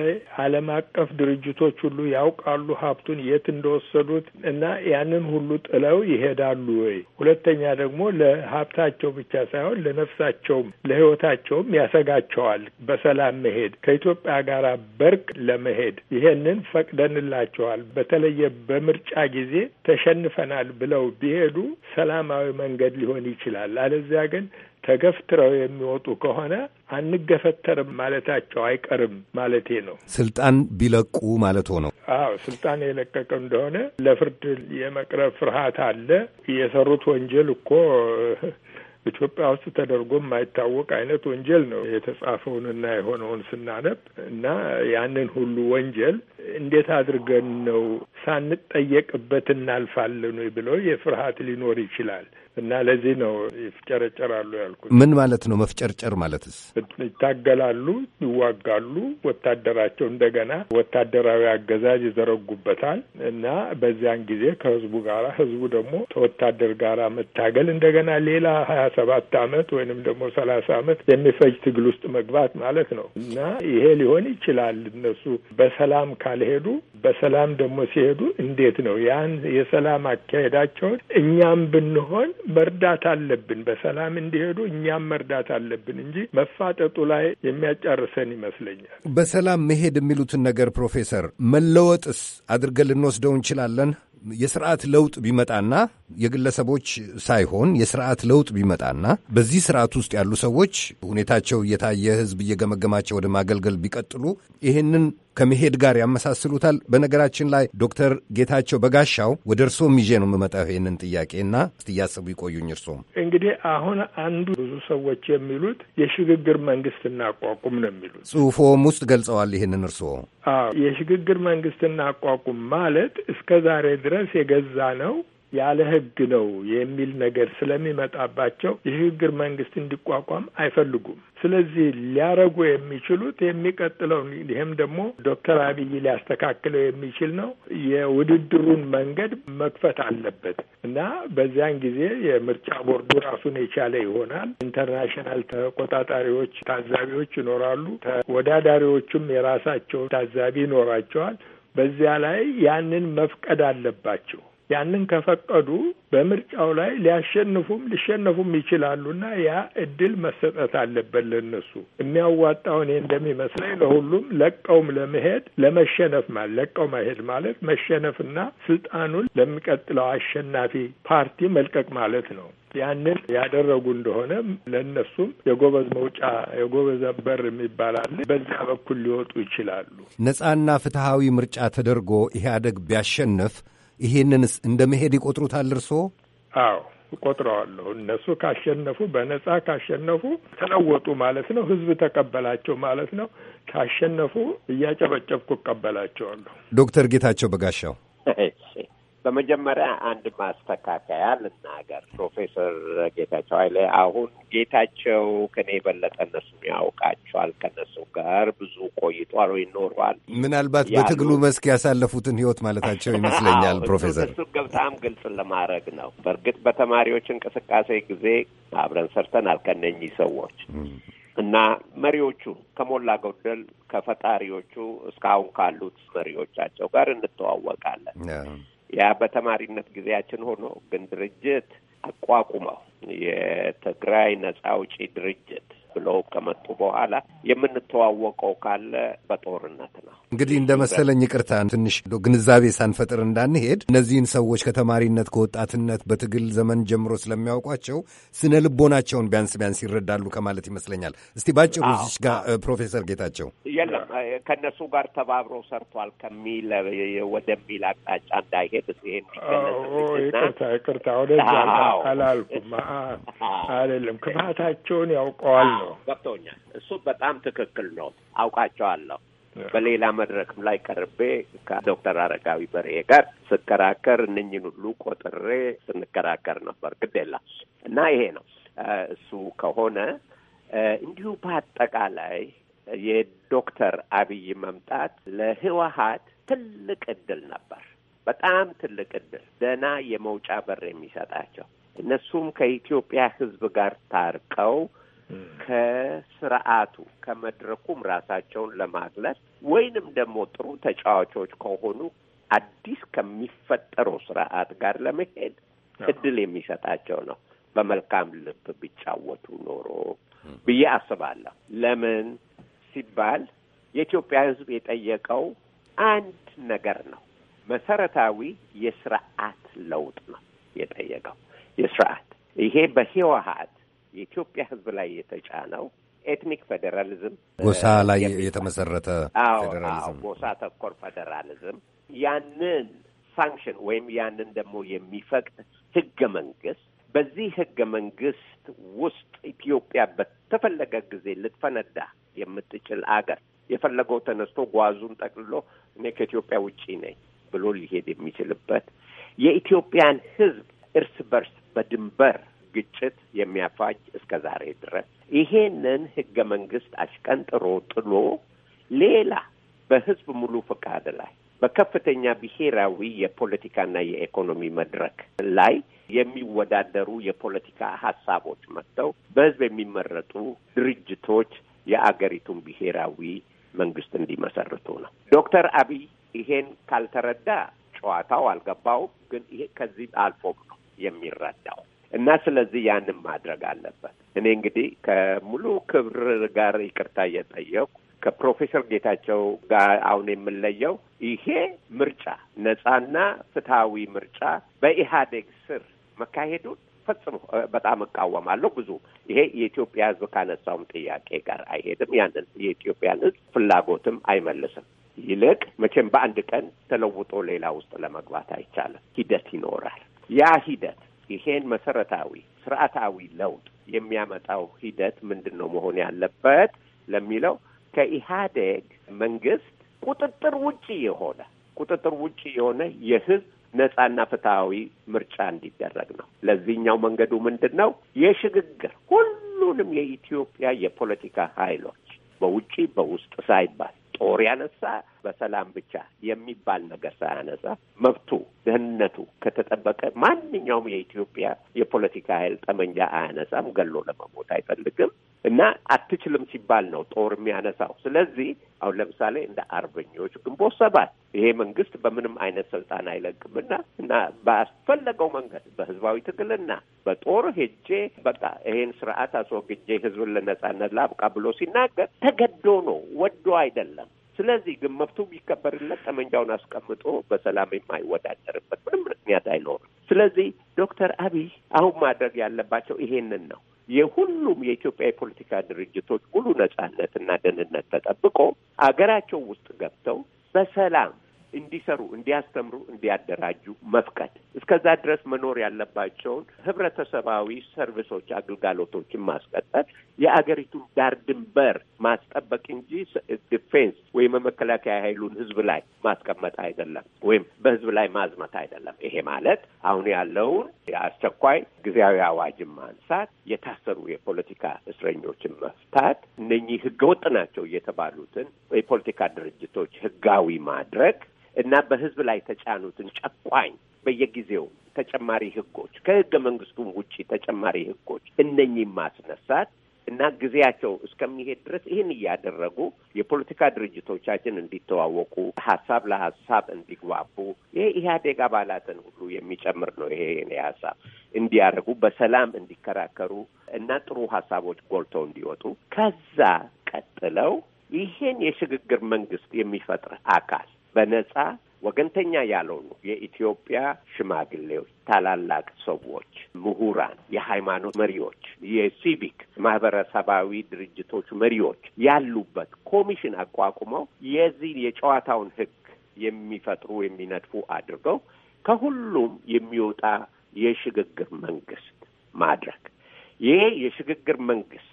[SPEAKER 2] ዓለም አቀፍ ድርጅቶች ሁሉ ያውቃሉ ሀብቱን የት እንደወሰዱት እና ያንን ሁሉ ጥለው ይሄዳሉ ወይ? ሁለተኛ ደግሞ ለሀብታቸው ብቻ ሳይሆን ለነፍሳቸውም ለሕይወታቸውም ያሰጋቸዋል በሰላም መሄድ ከኢትዮጵያ ጋር በርቅ ለመሄድ ይሄንን ፈቅደንላቸዋል። በተለየ በምርጫ ጊዜ ተሸንፈናል ብለው ቢሄዱ ሰላማዊ መንገድ ሊሆን ይችላል አለዚያ ግን ተገፍትረው የሚወጡ ከሆነ አንገፈተርም ማለታቸው አይቀርም ማለቴ ነው።
[SPEAKER 5] ስልጣን ቢለቁ ማለት ሆነው።
[SPEAKER 2] አዎ ስልጣን የለቀቀ እንደሆነ ለፍርድ የመቅረብ ፍርሃት አለ። የሰሩት ወንጀል እኮ ኢትዮጵያ ውስጥ ተደርጎ የማይታወቅ አይነት ወንጀል ነው የተጻፈውንና የሆነውን ስናነብ እና ያንን ሁሉ ወንጀል እንዴት አድርገን ነው ሳንጠየቅበት እናልፋለን ብለው የፍርሃት ሊኖር ይችላል። እና ለዚህ ነው ይፍጨረጨራሉ ያልኩት።
[SPEAKER 5] ምን ማለት ነው መፍጨርጨር ማለትስ?
[SPEAKER 2] ይታገላሉ፣ ይዋጋሉ። ወታደራቸው እንደገና ወታደራዊ አገዛዝ ይዘረጉበታል እና በዚያን ጊዜ ከህዝቡ ጋራ ህዝቡ ደግሞ ከወታደር ጋራ መታገል እንደገና ሌላ ሀያ ሰባት አመት ወይንም ደግሞ ሰላሳ አመት የሚፈጅ ትግል ውስጥ መግባት ማለት ነው እና ይሄ ሊሆን ይችላል እነሱ በሰላም ካልሄዱ በሰላም ደግሞ ሲሄዱ እንዴት ነው ያን የሰላም አካሄዳቸውን እኛም ብንሆን መርዳት አለብን። በሰላም እንዲሄዱ እኛም መርዳት አለብን እንጂ መፋጠጡ ላይ የሚያጫርሰን ይመስለኛል።
[SPEAKER 5] በሰላም መሄድ የሚሉትን ነገር ፕሮፌሰር መለወጥስ አድርገን ልንወስደው እንችላለን? የስርዓት ለውጥ ቢመጣና የግለሰቦች ሳይሆን የስርዓት ለውጥ ቢመጣና በዚህ ስርዓት ውስጥ ያሉ ሰዎች ሁኔታቸው እየታየ ህዝብ እየገመገማቸው ወደ ማገልገል ቢቀጥሉ ይህንን ከመሄድ ጋር ያመሳስሉታል? በነገራችን ላይ ዶክተር ጌታቸው በጋሻው ወደ እርስዎም ይዤ ነው የምመጣው ይህንን ጥያቄ እና እያሰቡ ይቆዩኝ። እርስዎም
[SPEAKER 2] እንግዲህ አሁን አንዱ ብዙ ሰዎች የሚሉት የሽግግር መንግስት እናቋቁም ነው የሚሉት
[SPEAKER 5] ጽሁፎም ውስጥ ገልጸዋል። ይህንን እርስዎ
[SPEAKER 2] የሽግግር መንግስት እናቋቁም ማለት እስከ ዛሬ ድረስ የገዛ ነው ያለ ህግ ነው የሚል ነገር ስለሚመጣባቸው የሽግግር መንግስት እንዲቋቋም አይፈልጉም። ስለዚህ ሊያረጉ የሚችሉት የሚቀጥለው ይህም ደግሞ ዶክተር አብይ ሊያስተካክለው የሚችል ነው። የውድድሩን መንገድ መክፈት አለበት እና በዚያን ጊዜ የምርጫ ቦርዱ ራሱን የቻለ ይሆናል። ኢንተርናሽናል ተቆጣጣሪዎች፣ ታዛቢዎች ይኖራሉ። ተወዳዳሪዎቹም የራሳቸው ታዛቢ ይኖራቸዋል። በዚያ ላይ ያንን መፍቀድ አለባቸው። ያንን ከፈቀዱ በምርጫው ላይ ሊያሸንፉም ሊሸነፉም ይችላሉና ያ እድል መሰጠት አለበት። ለነሱ የሚያዋጣው እኔ እንደሚመስለኝ ለሁሉም ለቀውም ለመሄድ ለመሸነፍ ማለት ለቀው መሄድ ማለት መሸነፍና ስልጣኑን ለሚቀጥለው አሸናፊ ፓርቲ መልቀቅ ማለት ነው። ያንን ያደረጉ እንደሆነ ለእነሱም የጎበዝ መውጫ የጎበዝ በር የሚባል አለ። በዚያ በኩል ሊወጡ ይችላሉ።
[SPEAKER 5] ነጻና ፍትሐዊ ምርጫ ተደርጎ ኢህአደግ ቢያሸንፍ ይሄንንስ እንደ መሄድ ይቆጥሩታል እርስዎ?
[SPEAKER 2] አዎ ቆጥረዋለሁ። እነሱ ካሸነፉ በነጻ ካሸነፉ ተለወጡ ማለት ነው። ህዝብ ተቀበላቸው ማለት ነው። ካሸነፉ እያጨበጨብኩ እቀበላቸዋለሁ።
[SPEAKER 5] ዶክተር ጌታቸው በጋሻው
[SPEAKER 3] በመጀመሪያ አንድ ማስተካከያ ልናገር። ፕሮፌሰር ጌታቸው ኃይሌ አሁን ጌታቸው ከኔ የበለጠ እነሱ ያውቃቸዋል። ከነሱ ጋር ብዙ ቆይቷል ወይ ኖሯል። ምናልባት በትግሉ
[SPEAKER 5] መስክ ያሳለፉትን ህይወት ማለታቸው ይመስለኛል። ፕሮፌሰር
[SPEAKER 3] እሱ ገብታም ግልጽ ለማድረግ ነው። በእርግጥ በተማሪዎች እንቅስቃሴ ጊዜ አብረን ሰርተናል ከነኚህ ሰዎች እና መሪዎቹ ከሞላ ጎደል ከፈጣሪዎቹ እስካሁን ካሉት መሪዎቻቸው ጋር እንተዋወቃለን። ያ በተማሪነት ጊዜያችን ሆኖ ግን ድርጅት አቋቁመው የትግራይ ነጻ አውጪ ድርጅት ብለው ከመጡ በኋላ የምንተዋወቀው ካለ በጦርነት
[SPEAKER 5] ነው። እንግዲህ እንደ መሰለኝ ይቅርታ፣ ትንሽ ግንዛቤ ሳንፈጥር እንዳንሄድ እነዚህን ሰዎች ከተማሪነት ከወጣትነት በትግል ዘመን ጀምሮ ስለሚያውቋቸው ስነ ልቦናቸውን ቢያንስ ቢያንስ ይረዳሉ ከማለት ይመስለኛል። እስቲ ባጭሩ እዚህ ጋር ፕሮፌሰር ጌታቸው
[SPEAKER 3] የለም ከእነሱ ጋር ተባብሮ ሰርቷል ከሚል ወደሚል አቅጣጫ እንዳይሄድ ይሄን ይቅርታ
[SPEAKER 2] ይቅርታ፣ ወደዛ አላልኩም። አይደለም ክፋታቸውን ያውቀዋል ነው
[SPEAKER 3] ገብቶኛል። እሱ በጣም ትክክል ነው። አውቃቸዋለሁ። በሌላ መድረክም ላይ ቀርቤ ከዶክተር አረጋዊ በርሄ ጋር ስከራከር እነኝን ሁሉ ቆጥሬ ስንከራከር ነበር። ግዴላ እና ይሄ ነው እሱ ከሆነ እንዲሁ በአጠቃላይ የዶክተር አብይ መምጣት ለህወሀት ትልቅ እድል ነበር። በጣም ትልቅ እድል፣ ደህና የመውጫ በር የሚሰጣቸው እነሱም ከኢትዮጵያ ህዝብ ጋር ታርቀው ከስርዓቱ ከመድረኩም ራሳቸውን ለማግለል ወይንም ደግሞ ጥሩ ተጫዋቾች ከሆኑ አዲስ ከሚፈጠረው ስርዓት ጋር ለመሄድ እድል የሚሰጣቸው ነው። በመልካም ልብ ቢጫወቱ ኖሮ ብዬ አስባለሁ። ለምን ሲባል የኢትዮጵያ ሕዝብ የጠየቀው አንድ ነገር ነው። መሰረታዊ የስርዓት ለውጥ ነው የጠየቀው። የስርዓት ይሄ በህወሀት የኢትዮጵያ ሕዝብ ላይ የተጫነው ኤትኒክ ፌዴራሊዝም
[SPEAKER 5] ጎሳ ላይ የተመሰረተ ፌዴራሊዝም፣
[SPEAKER 3] ጎሳ ተኮር ፌዴራሊዝም ያንን ሳንክሽን ወይም ያንን ደግሞ የሚፈቅድ ህገ መንግስት በዚህ ህገ መንግስት ውስጥ ኢትዮጵያ በተፈለገ ጊዜ ልትፈነዳ የምትችል አገር የፈለገው ተነስቶ ጓዙን ጠቅልሎ እኔ ከኢትዮጵያ ውጪ ነኝ ብሎ ሊሄድ የሚችልበት የኢትዮጵያን ህዝብ እርስ በርስ በድንበር ግጭት የሚያፋጅ እስከ ዛሬ ድረስ ይሄንን ህገ መንግስት አሽቀንጥሮ ጥሎ ሌላ በህዝብ ሙሉ ፈቃድ ላይ በከፍተኛ ብሔራዊ የፖለቲካና የኢኮኖሚ መድረክ ላይ የሚወዳደሩ የፖለቲካ ሀሳቦች መጥተው በህዝብ የሚመረጡ ድርጅቶች የአገሪቱን ብሔራዊ መንግስት እንዲመሰርቱ ነው። ዶክተር አብይ ይሄን ካልተረዳ ጨዋታው አልገባውም። ግን ይሄ ከዚህ አልፎም ነው የሚረዳው። እና ስለዚህ ያንን ማድረግ አለበት። እኔ እንግዲህ ከሙሉ ክብር ጋር ይቅርታ እየጠየቁ ከፕሮፌሰር ጌታቸው ጋር አሁን የምለየው ይሄ ምርጫ ነጻና ፍትሐዊ ምርጫ በኢህአዴግ ስር መካሄዱን ፈጽሞ በጣም እቃወማለሁ። ብዙ ይሄ የኢትዮጵያ ሕዝብ ካነሳውም ጥያቄ ጋር አይሄድም። ያንን የኢትዮጵያን ሕዝብ ፍላጎትም አይመልስም። ይልቅ መቼም በአንድ ቀን ተለውጦ ሌላ ውስጥ ለመግባት አይቻልም። ሂደት ይኖራል። ያ ሂደት ይሄን መሰረታዊ ስርዓታዊ ለውጥ የሚያመጣው ሂደት ምንድን ነው መሆን ያለበት ለሚለው ከኢህአዴግ መንግስት ቁጥጥር ውጪ የሆነ ቁጥጥር ውጪ የሆነ የህዝብ ነጻና ፍትሐዊ ምርጫ እንዲደረግ ነው። ለዚህኛው መንገዱ ምንድን ነው? የሽግግር ሁሉንም የኢትዮጵያ የፖለቲካ ኃይሎች በውጪ በውስጥ ሳይባል ጦር ያነሳ በሰላም ብቻ የሚባል ነገር ሳያነሳ መብቱ፣ ደህንነቱ ከተጠበቀ ማንኛውም የኢትዮጵያ የፖለቲካ ኃይል ጠመንጃ አያነሳም፣ ገሎ ለመሞት አይፈልግም። እና አትችልም ሲባል ነው ጦር የሚያነሳው። ስለዚህ አሁን ለምሳሌ እንደ አርበኞች ግንቦት ሰባት ይሄ መንግስት በምንም አይነት ስልጣን አይለቅምና እና ባስፈለገው መንገድ በህዝባዊ ትግልና በጦር ሄጄ በቃ ይሄን ስርዓት አስወግጄ ህዝብን ለነጻነት ላብቃ ብሎ ሲናገር ተገዶ ነው ወዶ አይደለም። ስለዚህ ግን መብቱ ቢከበርለት ጠመንጃውን አስቀምጦ በሰላም የማይወዳደርበት ምንም ምክንያት አይኖርም። ስለዚህ ዶክተር አብይ አሁን ማድረግ ያለባቸው ይሄንን ነው። የሁሉም የኢትዮጵያ የፖለቲካ ድርጅቶች ሙሉ ነጻነትና ደህንነት ተጠብቆ አገራቸው ውስጥ ገብተው በሰላም እንዲሰሩ፣ እንዲያስተምሩ፣ እንዲያደራጁ መፍቀድ እስከዛ ድረስ መኖር ያለባቸውን ህብረተሰባዊ ሰርቪሶች፣ አገልጋሎቶችን ማስቀጠል የአገሪቱን ዳር ድንበር ማስጠበቅ እንጂ ዲፌንስ ወይም መከላከያ ኃይሉን ህዝብ ላይ ማስቀመጥ አይደለም፣ ወይም በህዝብ ላይ ማዝመት አይደለም። ይሄ ማለት አሁን ያለውን የአስቸኳይ ጊዜያዊ አዋጅን ማንሳት፣ የታሰሩ የፖለቲካ እስረኞችን መፍታት፣ እነኚህ ህገወጥ ናቸው የተባሉትን የፖለቲካ ድርጅቶች ህጋዊ ማድረግ እና በህዝብ ላይ ተጫኑትን ጨቋኝ በየጊዜው ተጨማሪ ህጎች ከህገ መንግስቱም ውጪ ተጨማሪ ህጎች እነኚህ ማስነሳት እና ጊዜያቸው እስከሚሄድ ድረስ ይህን እያደረጉ የፖለቲካ ድርጅቶቻችን እንዲተዋወቁ ሀሳብ ለሀሳብ እንዲግባቡ ይሄ ኢህአዴግ አባላትን ሁሉ የሚጨምር ነው። ይሄ የእኔ ሀሳብ እንዲያደርጉ በሰላም እንዲከራከሩ እና ጥሩ ሀሳቦች ጎልተው እንዲወጡ ከዛ ቀጥለው ይሄን የሽግግር መንግስት የሚፈጥር አካል በነጻ ወገንተኛ ያልሆኑ የኢትዮጵያ ሽማግሌዎች፣ ታላላቅ ሰዎች፣ ምሁራን፣ የሃይማኖት መሪዎች፣ የሲቪክ ማህበረሰባዊ ድርጅቶች መሪዎች ያሉበት ኮሚሽን አቋቁመው የዚህ የጨዋታውን ህግ የሚፈጥሩ የሚነድፉ አድርገው
[SPEAKER 1] ከሁሉም
[SPEAKER 3] የሚወጣ የሽግግር መንግስት ማድረግ ይሄ የሽግግር መንግስት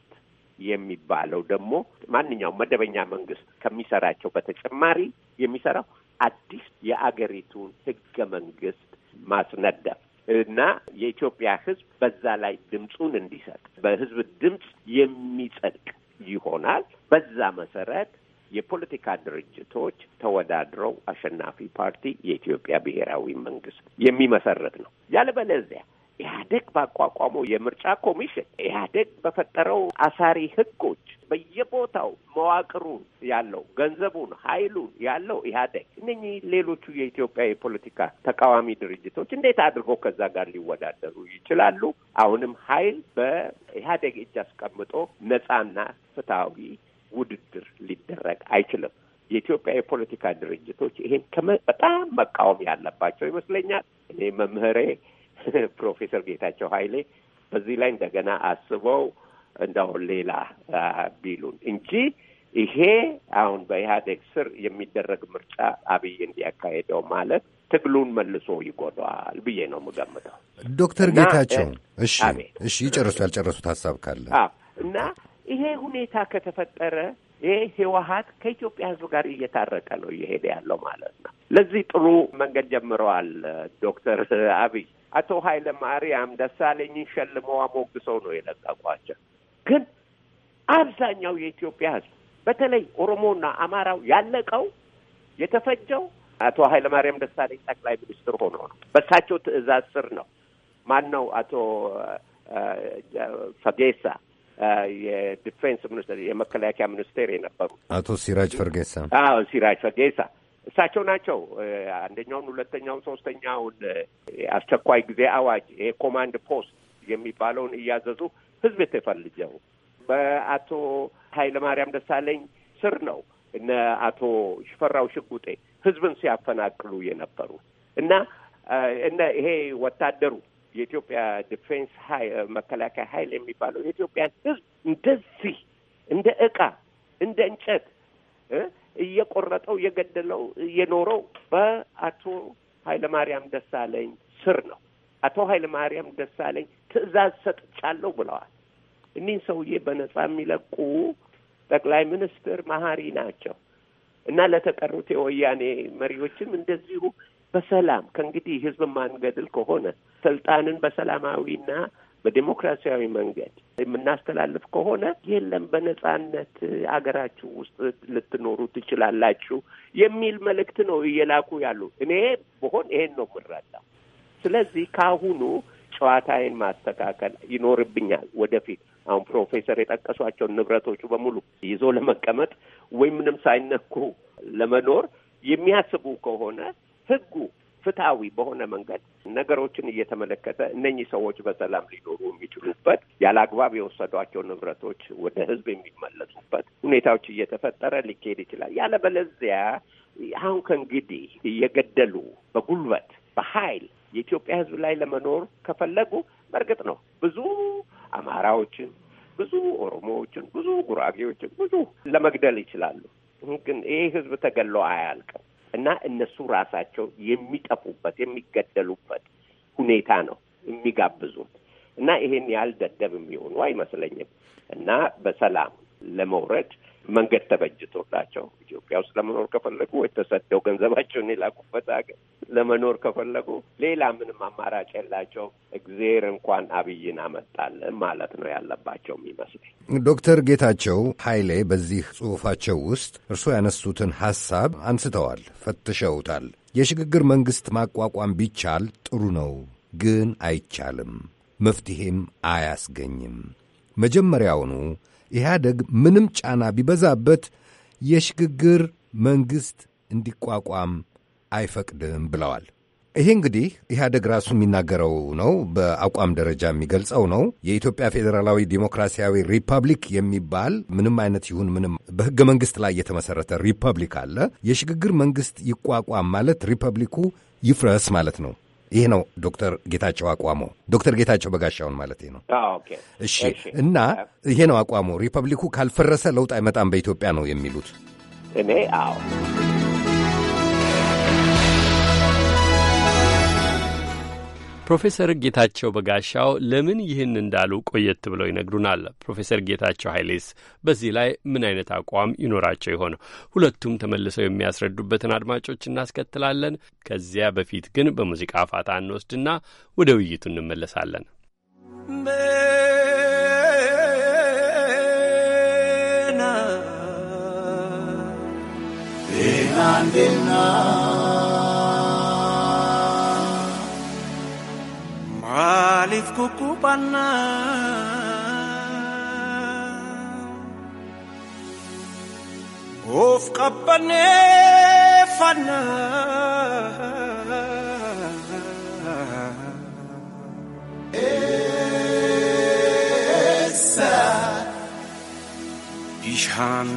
[SPEAKER 3] የሚባለው ደግሞ ማንኛውም መደበኛ መንግስት ከሚሰራቸው በተጨማሪ የሚሰራው አዲስ የአገሪቱን ህገ መንግስት ማስነደፍ እና የኢትዮጵያ ህዝብ በዛ ላይ ድምፁን እንዲሰጥ በህዝብ ድምፅ የሚጸድቅ ይሆናል። በዛ መሰረት የፖለቲካ ድርጅቶች ተወዳድረው አሸናፊ ፓርቲ የኢትዮጵያ ብሔራዊ መንግስት የሚመሰረት ነው። ያለበለዚያ ኢህአዴግ ባቋቋመው የምርጫ ኮሚሽን ኢህአዴግ በፈጠረው አሳሪ ህጎች በየቦታው መዋቅሩን ያለው ገንዘቡን ኃይሉን ያለው ኢህአዴግ እነኚህ ሌሎቹ የኢትዮጵያ የፖለቲካ ተቃዋሚ ድርጅቶች እንዴት አድርገው ከዛ ጋር ሊወዳደሩ ይችላሉ? አሁንም ኃይል በኢህአዴግ እጅ አስቀምጦ ነጻና ፍትሐዊ ውድድር ሊደረግ አይችልም። የኢትዮጵያ የፖለቲካ ድርጅቶች ይሄን ከመ በጣም መቃወም ያለባቸው ይመስለኛል። እኔ መምህሬ ፕሮፌሰር ጌታቸው ኃይሌ በዚህ ላይ እንደገና አስበው እንደው ሌላ ቢሉን እንጂ ይሄ አሁን በኢህአዴግ ስር የሚደረግ ምርጫ አብይ እንዲያካሄደው ማለት ትግሉን መልሶ ይጎዳዋል ብዬ ነው የምገምተው። ዶክተር ጌታቸው እሺ፣
[SPEAKER 5] እሺ ይጨርሱ። ያልጨረሱት ሀሳብ ካለ
[SPEAKER 3] እና ይሄ ሁኔታ ከተፈጠረ ይሄ ህወሀት ከኢትዮጵያ ህዝብ ጋር እየታረቀ ነው እየሄደ ያለው ማለት ነው። ለዚህ ጥሩ መንገድ ጀምረዋል ዶክተር አብይ አቶ ኃይለ ማርያም ደሳለኝን ሸልመው አሞግሰው ነው የለቀቋቸው። ግን አብዛኛው የኢትዮጵያ ሕዝብ በተለይ ኦሮሞና አማራው ያለቀው የተፈጀው አቶ ኃይለ ማርያም ደሳለኝ ጠቅላይ ሚኒስትር ሆኖ ነው። በሳቸው ትዕዛዝ ስር ነው። ማን ነው አቶ ፈጌሳ የዲፌንስ ሚኒስትር የመከላከያ ሚኒስቴር የነበሩ
[SPEAKER 5] አቶ ሲራጅ ፈርጌሳ።
[SPEAKER 3] አዎ ሲራጅ ፈጌሳ እሳቸው ናቸው አንደኛውን፣ ሁለተኛውን፣ ሶስተኛውን አስቸኳይ ጊዜ አዋጅ የኮማንድ ፖስት የሚባለውን እያዘዙ ህዝብ የተፈልጀው በአቶ ኃይለማርያም ደሳለኝ ስር ነው እነ አቶ ሽፈራው ሽጉጤ ህዝብን ሲያፈናቅሉ የነበሩ እና እነ ይሄ ወታደሩ የኢትዮጵያ ዲፌንስ መከላከያ ኃይል የሚባለው የኢትዮጵያን ህዝብ እንደዚህ እንደ እቃ እንደ እንጨት እየቆረጠው እየገደለው የኖረው በአቶ ኃይለማርያም ደሳለኝ ስር ነው። አቶ ኃይለማርያም ደሳለኝ ትዕዛዝ ሰጥቻለሁ ብለዋል። እኒህ ሰውዬ በነጻ የሚለቁ ጠቅላይ ሚኒስትር መሀሪ ናቸው እና ለተቀሩት የወያኔ መሪዎችም እንደዚሁ በሰላም ከእንግዲህ ህዝብ ማንገድል ከሆነ ስልጣንን በሰላማዊና በዴሞክራሲያዊ መንገድ የምናስተላልፍ ከሆነ የለም በነጻነት አገራችሁ ውስጥ ልትኖሩ ትችላላችሁ የሚል መልእክት ነው እየላኩ ያሉ። እኔ በሆን ይሄን ነው የምረዳው። ስለዚህ ከአሁኑ ጨዋታዬን ማስተካከል ይኖርብኛል። ወደፊት አሁን ፕሮፌሰር የጠቀሷቸውን ንብረቶቹ በሙሉ ይዞ ለመቀመጥ ወይም ምንም ሳይነኩ ለመኖር የሚያስቡ ከሆነ ህጉ። ፍትሐዊ በሆነ መንገድ ነገሮችን እየተመለከተ እነኚህ ሰዎች በሰላም ሊኖሩ የሚችሉበት ያለ አግባብ የወሰዷቸው ንብረቶች ወደ ህዝብ የሚመለሱበት ሁኔታዎች እየተፈጠረ ሊካሄድ ይችላል። ያለበለዚያ አሁን ከእንግዲህ እየገደሉ በጉልበት በኃይል የኢትዮጵያ ህዝብ ላይ ለመኖር ከፈለጉ በእርግጥ ነው ብዙ አማራዎችን፣ ብዙ ኦሮሞዎችን፣ ብዙ ጉራጌዎችን ብዙ ለመግደል ይችላሉ። ግን ይሄ ህዝብ ተገሎ አያልቅም። እና እነሱ ራሳቸው የሚጠፉበት የሚገደሉበት ሁኔታ ነው የሚጋብዙም እና ይሄን ያህል ደደብ የሚሆኑ አይመስለኝም እና በሰላም ለመውረድ መንገድ ተበጅቶላቸው ኢትዮጵያ ውስጥ ለመኖር ከፈለጉ ወይ ተሰደው ገንዘባቸውን የላኩበት ሀገር ለመኖር ከፈለጉ ሌላ ምንም አማራጭ የላቸው። እግዜር እንኳን አብይን አመጣልን ማለት ነው ያለባቸው የሚመስለኝ።
[SPEAKER 5] ዶክተር ጌታቸው ኃይሌ በዚህ ጽሁፋቸው ውስጥ እርስዎ ያነሱትን ሀሳብ አንስተዋል፣ ፈትሸውታል። የሽግግር መንግስት ማቋቋም ቢቻል ጥሩ ነው፣ ግን አይቻልም፣ መፍትሄም አያስገኝም። መጀመሪያውኑ ኢህአደግ ምንም ጫና ቢበዛበት የሽግግር መንግሥት እንዲቋቋም አይፈቅድም ብለዋል። ይሄ እንግዲህ ኢህአደግ ራሱ የሚናገረው ነው፣ በአቋም ደረጃ የሚገልጸው ነው። የኢትዮጵያ ፌዴራላዊ ዲሞክራሲያዊ ሪፐብሊክ የሚባል ምንም አይነት ይሁን ምንም በሕገ መንግሥት ላይ የተመሠረተ ሪፐብሊክ አለ። የሽግግር መንግሥት ይቋቋም ማለት ሪፐብሊኩ ይፍረስ ማለት ነው። ይሄ ነው ዶክተር ጌታቸው አቋሞ ዶክተር ጌታቸው በጋሻውን ማለት ነው። እሺ እና ይሄ ነው አቋሞ ሪፐብሊኩ ካልፈረሰ ለውጥ አይመጣም በኢትዮጵያ ነው የሚሉት እኔ
[SPEAKER 1] አዎ ፕሮፌሰር ጌታቸው በጋሻው ለምን ይህን እንዳሉ ቆየት ብለው ይነግሩናል። ፕሮፌሰር ጌታቸው ኃይሌስ በዚህ ላይ ምን አይነት አቋም ይኖራቸው ይሆን? ሁለቱም ተመልሰው የሚያስረዱበትን አድማጮች እናስከትላለን። ከዚያ በፊት ግን በሙዚቃ ፋታ እንወስድና ወደ ውይይቱ እንመለሳለን።
[SPEAKER 3] ና maaliif kukkubannaa of qabbanneeffannaa.
[SPEAKER 2] Eessa
[SPEAKER 3] bishaan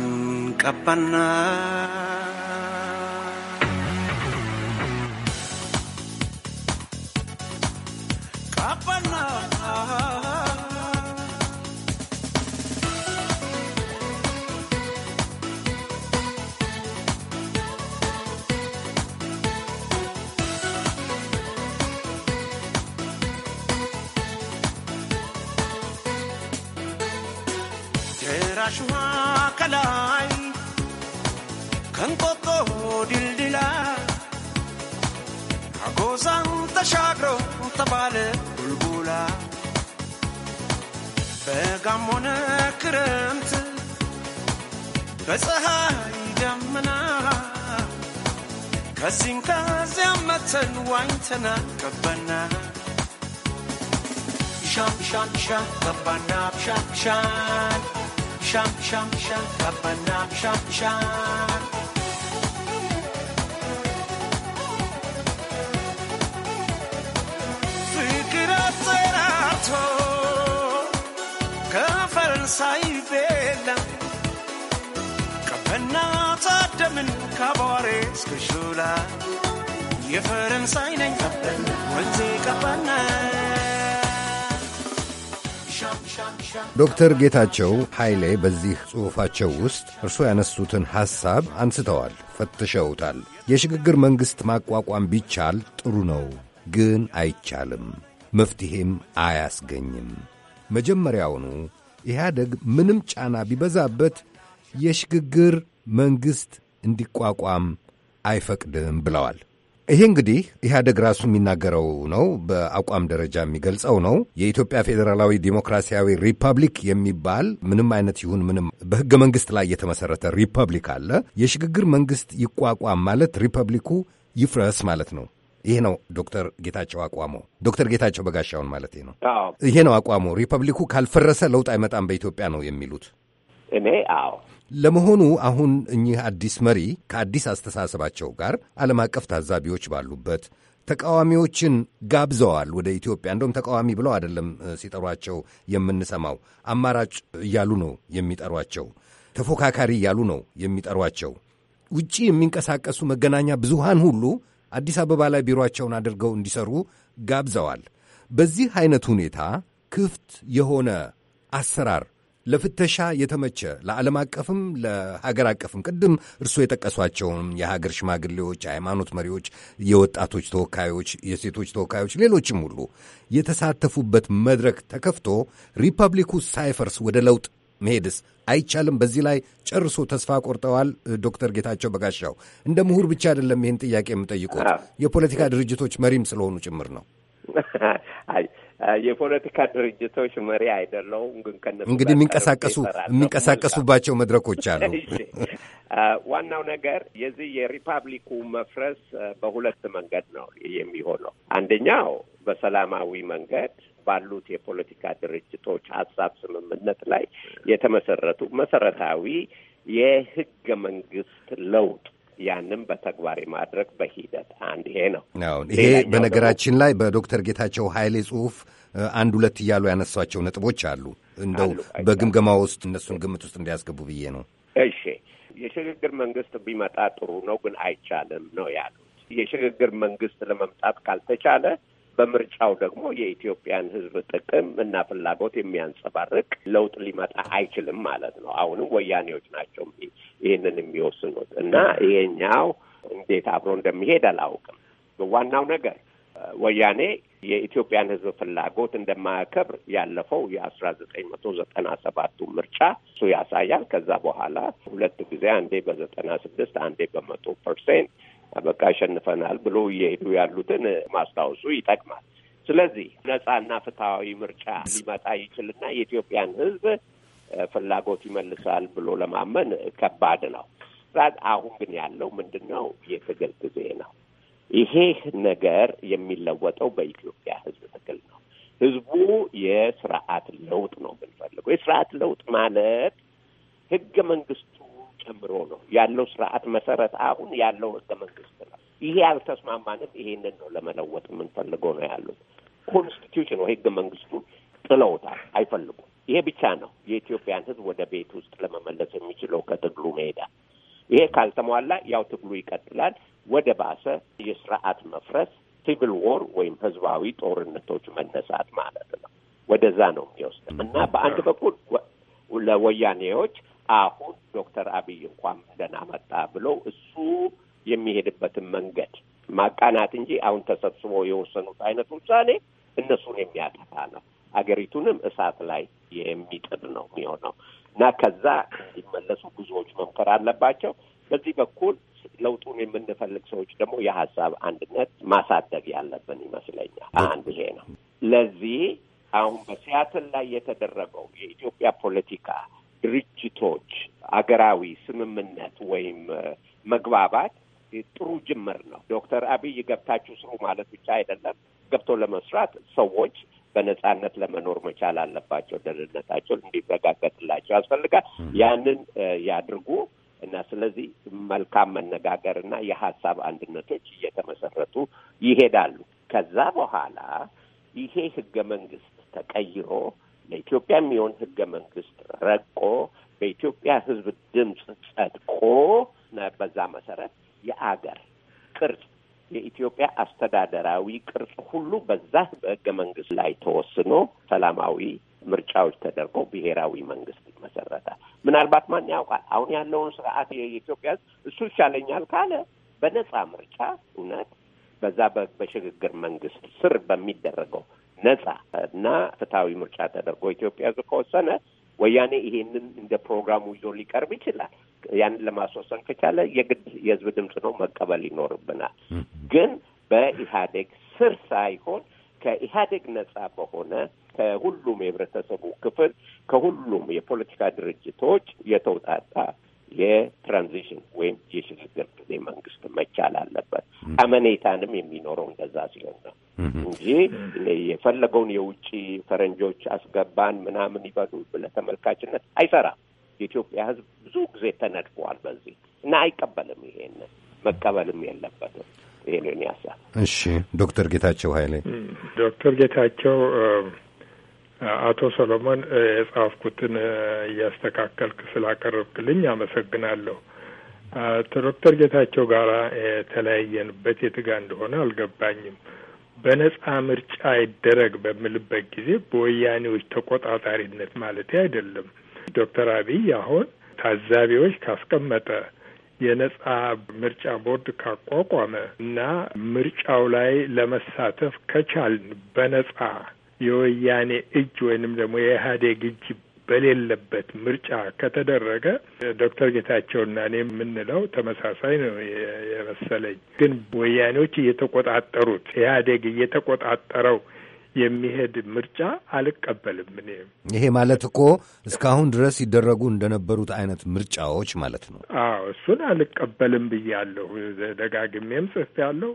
[SPEAKER 4] በጋም ሆነ ክረምት በፀሐይ ደመና ከዚህም ከዚያም መተን ዋኝተና
[SPEAKER 3] ገባና ሻምሻምሻ ገባና ሻምሻን ሻምሻምሻ ገባና ሻምሻን የፈረንሳይ ነኝ ወንዜ
[SPEAKER 5] ዶክተር ጌታቸው ኃይሌ በዚህ ጽሑፋቸው ውስጥ እርስ ያነሱትን ሐሳብ አንስተዋል፣ ፈትሸውታል። የሽግግር መንግሥት ማቋቋም ቢቻል ጥሩ ነው፣ ግን አይቻልም፣ መፍትሔም አያስገኝም። መጀመሪያውኑ ኢህአደግ ምንም ጫና ቢበዛበት የሽግግር መንግሥት እንዲቋቋም አይፈቅድም ብለዋል። ይሄ እንግዲህ ኢህአደግ ራሱ የሚናገረው ነው፣ በአቋም ደረጃ የሚገልጸው ነው። የኢትዮጵያ ፌዴራላዊ ዲሞክራሲያዊ ሪፐብሊክ የሚባል ምንም አይነት ይሁን ምንም በህገ መንግስት ላይ የተመሰረተ ሪፐብሊክ አለ። የሽግግር መንግስት ይቋቋም ማለት ሪፐብሊኩ ይፍረስ ማለት ነው። ይሄ ነው ዶክተር ጌታቸው አቋሞ ዶክተር ጌታቸው በጋሻውን ማለት ነው። ይሄ ነው አቋሞ። ሪፐብሊኩ ካልፈረሰ ለውጥ አይመጣም በኢትዮጵያ ነው የሚሉት እኔ አዎ ለመሆኑ አሁን እኚህ አዲስ መሪ ከአዲስ አስተሳሰባቸው ጋር ዓለም አቀፍ ታዛቢዎች ባሉበት ተቃዋሚዎችን ጋብዘዋል ወደ ኢትዮጵያ። እንደውም ተቃዋሚ ብለው አይደለም ሲጠሯቸው የምንሰማው፣ አማራጭ እያሉ ነው የሚጠሯቸው፣ ተፎካካሪ እያሉ ነው የሚጠሯቸው። ውጪ የሚንቀሳቀሱ መገናኛ ብዙሃን ሁሉ አዲስ አበባ ላይ ቢሮአቸውን አድርገው እንዲሰሩ ጋብዘዋል። በዚህ አይነት ሁኔታ ክፍት የሆነ አሰራር ለፍተሻ የተመቸ ለዓለም አቀፍም ለሀገር አቀፍም ቅድም እርስዎ የጠቀሷቸውን የሀገር ሽማግሌዎች፣ የሃይማኖት መሪዎች፣ የወጣቶች ተወካዮች፣ የሴቶች ተወካዮች፣ ሌሎችም ሁሉ የተሳተፉበት መድረክ ተከፍቶ ሪፐብሊኩ ሳይፈርስ ወደ ለውጥ መሄድስ አይቻልም? በዚህ ላይ ጨርሶ ተስፋ ቆርጠዋል? ዶክተር ጌታቸው በጋሻው እንደ ምሁር ብቻ አይደለም ይህን ጥያቄ የምጠይቁት የፖለቲካ ድርጅቶች መሪም ስለሆኑ ጭምር ነው።
[SPEAKER 3] የፖለቲካ ድርጅቶች መሪ አይደለሁም፣ ግን እንግዲህ የሚንቀሳቀሱ የሚንቀሳቀሱባቸው
[SPEAKER 5] መድረኮች አሉ።
[SPEAKER 3] ዋናው ነገር የዚህ የሪፓብሊኩ መፍረስ በሁለት መንገድ ነው የሚሆነው። አንደኛው በሰላማዊ መንገድ ባሉት የፖለቲካ ድርጅቶች ሀሳብ ስምምነት ላይ የተመሰረቱ መሰረታዊ የህገ መንግስት ለውጥ ያንም በተግባር ማድረግ በሂደት አንድ ይሄ ነው ነው ይሄ በነገራችን
[SPEAKER 5] ላይ በዶክተር ጌታቸው ኃይሌ ጽሁፍ አንድ ሁለት እያሉ ያነሷቸው ነጥቦች አሉ። እንደው በግምገማ ውስጥ እነሱን ግምት ውስጥ እንዲያስገቡ ብዬ ነው።
[SPEAKER 3] እሺ የሽግግር መንግስት ቢመጣ ጥሩ ነው፣ ግን አይቻልም ነው ያሉት። የሽግግር መንግስት ለመምጣት ካልተቻለ በምርጫው ደግሞ የኢትዮጵያን ሕዝብ ጥቅም እና ፍላጎት የሚያንጸባርቅ ለውጥ ሊመጣ አይችልም ማለት ነው። አሁንም ወያኔዎች ናቸው ይህንን የሚወስኑት እና ይሄኛው እንዴት አብሮ እንደሚሄድ አላውቅም። ዋናው ነገር ወያኔ የኢትዮጵያን ህዝብ ፍላጎት እንደማያከብር ያለፈው የአስራ ዘጠኝ መቶ ዘጠና ሰባቱ ምርጫ እሱ ያሳያል። ከዛ በኋላ ሁለት ጊዜ አንዴ በዘጠና ስድስት አንዴ በመቶ ፐርሴንት በቃ አሸንፈናል ብሎ እየሄዱ ያሉትን ማስታወሱ ይጠቅማል። ስለዚህ ነጻና ፍትሐዊ ምርጫ ሊመጣ ይችልና የኢትዮጵያን ሕዝብ ፍላጎት ይመልሳል ብሎ ለማመን ከባድ ነው። አሁን ግን ያለው ምንድን ነው? የትግል ጊዜ ነው። ይሄ ነገር የሚለወጠው በኢትዮጵያ ሕዝብ ትግል ነው። ህዝቡ የስርዓት ለውጥ ነው የምንፈልገው። የስርዓት ለውጥ ማለት ህገ መንግስቱ ጨምሮ ነው ያለው ስርዓት መሰረት አሁን ያለው ህገ መንግስት ነው። ይሄ አልተስማማንም። ይሄንን ነው ለመለወጥ የምንፈልገው ነው ያሉት። ኮንስቲትዩሽን ወይ ህገ መንግስቱ ጥለውታል፣ አይፈልጉም። ይሄ ብቻ ነው የኢትዮጵያን ህዝብ ወደ ቤት ውስጥ ለመመለስ የሚችለው ከትግሉ መሄዳ። ይሄ ካልተሟላ ያው ትግሉ ይቀጥላል ወደ ባሰ የስርዓት መፍረስ ሲቪል ዎር ወይም ህዝባዊ ጦርነቶች መነሳት ማለት ነው። ወደዛ ነው የሚወስድ እና በአንድ በኩል ለወያኔዎች አሁን ዶክተር አብይ እንኳን ደህና መጣ ብለው እሱ የሚሄድበትን መንገድ ማቃናት እንጂ አሁን ተሰብስቦ የወሰኑት አይነት ውሳኔ እነሱን የሚያጠፋ ነው፣ አገሪቱንም እሳት ላይ የሚጥል ነው የሚሆነው እና ከዛ እንዲመለሱ ብዙዎች መምከር አለባቸው። በዚህ በኩል ለውጡን የምንፈልግ ሰዎች ደግሞ የሀሳብ አንድነት ማሳደግ ያለብን ይመስለኛል። አንድ ይሄ ነው። ለዚህ አሁን በሲያትል ላይ የተደረገው የኢትዮጵያ ፖለቲካ ድርጅቶች አገራዊ ስምምነት ወይም መግባባት ጥሩ ጅምር ነው። ዶክተር አብይ ገብታችሁ ስሩ ማለት ብቻ አይደለም። ገብቶ ለመስራት ሰዎች በነጻነት ለመኖር መቻል አለባቸው። ደህንነታቸው እንዲረጋገጥላቸው ያስፈልጋል። ያንን ያድርጉ እና ስለዚህ መልካም መነጋገር እና የሀሳብ አንድነቶች እየተመሰረቱ ይሄዳሉ። ከዛ በኋላ ይሄ ህገ መንግስት ተቀይሮ ለኢትዮጵያ የሚሆን ህገ መንግስት ረቆ በኢትዮጵያ ህዝብ ድምፅ ጸድቆ በዛ መሰረት የአገር ቅርጽ የኢትዮጵያ አስተዳደራዊ ቅርጽ ሁሉ በዛ በህገ መንግስት ላይ ተወስኖ ሰላማዊ ምርጫዎች ተደርጎ ብሔራዊ መንግስት ይመሰረታል። ምናልባት ማን ያውቃል አሁን ያለውን ስርዓት የኢትዮጵያ እሱ ይሻለኛል ካለ በነጻ ምርጫ እውነት በዛ በሽግግር መንግስት ስር በሚደረገው ነጻ እና ፍትሐዊ ምርጫ ተደርጎ ኢትዮጵያ ሕዝብ ከወሰነ ወያኔ ይሄንን እንደ ፕሮግራሙ ይዞ ሊቀርብ ይችላል። ያንን ለማስወሰን ከቻለ የግድ የህዝብ ድምፅ ነው መቀበል ይኖርብናል። ግን በኢህአዴግ ስር ሳይሆን ከኢህአዴግ ነጻ በሆነ ከሁሉም የህብረተሰቡ ክፍል ከሁሉም የፖለቲካ ድርጅቶች የተውጣጣ የትራንዚሽን ወይም የሽግግር ጊዜ መንግስት መቻል አለበት። አመኔታንም የሚኖረው እንደዛ ሲሆን ነው እንጂ የፈለገውን የውጭ ፈረንጆች አስገባን ምናምን ይበሉ ብለህ ተመልካችነት አይሰራም። የኢትዮጵያ ሕዝብ ብዙ ጊዜ ተነድፈዋል በዚህ እና አይቀበልም።
[SPEAKER 2] ይሄን መቀበልም የለበትም። ይሄንን ያሳ
[SPEAKER 5] እሺ ዶክተር ጌታቸው ኃይሌ
[SPEAKER 2] ዶክተር ጌታቸው አቶ ሰሎሞን የጻፍኩትን እያስተካከልክ ስላቀረብክልኝ አመሰግናለሁ። ከዶክተር ጌታቸው ጋር የተለያየንበት የትጋ እንደሆነ አልገባኝም። በነጻ ምርጫ ይደረግ በምልበት ጊዜ በወያኔዎች ተቆጣጣሪነት ማለት አይደለም። ዶክተር አብይ አሁን ታዛቢዎች ካስቀመጠ የነጻ ምርጫ ቦርድ ካቋቋመ እና ምርጫው ላይ ለመሳተፍ ከቻልን በነጻ የወያኔ እጅ ወይንም ደግሞ የኢህአዴግ እጅ በሌለበት ምርጫ ከተደረገ ዶክተር ጌታቸውና እኔ የምንለው ተመሳሳይ ነው የመሰለኝ። ግን ወያኔዎች እየተቆጣጠሩት ኢህአዴግ እየተቆጣጠረው የሚሄድ ምርጫ አልቀበልም። እኔ
[SPEAKER 5] ይሄ ማለት እኮ እስካሁን ድረስ ሲደረጉ እንደነበሩት አይነት ምርጫዎች ማለት ነው።
[SPEAKER 2] አዎ እሱን አልቀበልም ብያለሁ፣ ደጋግሜም ጽፌያለሁ።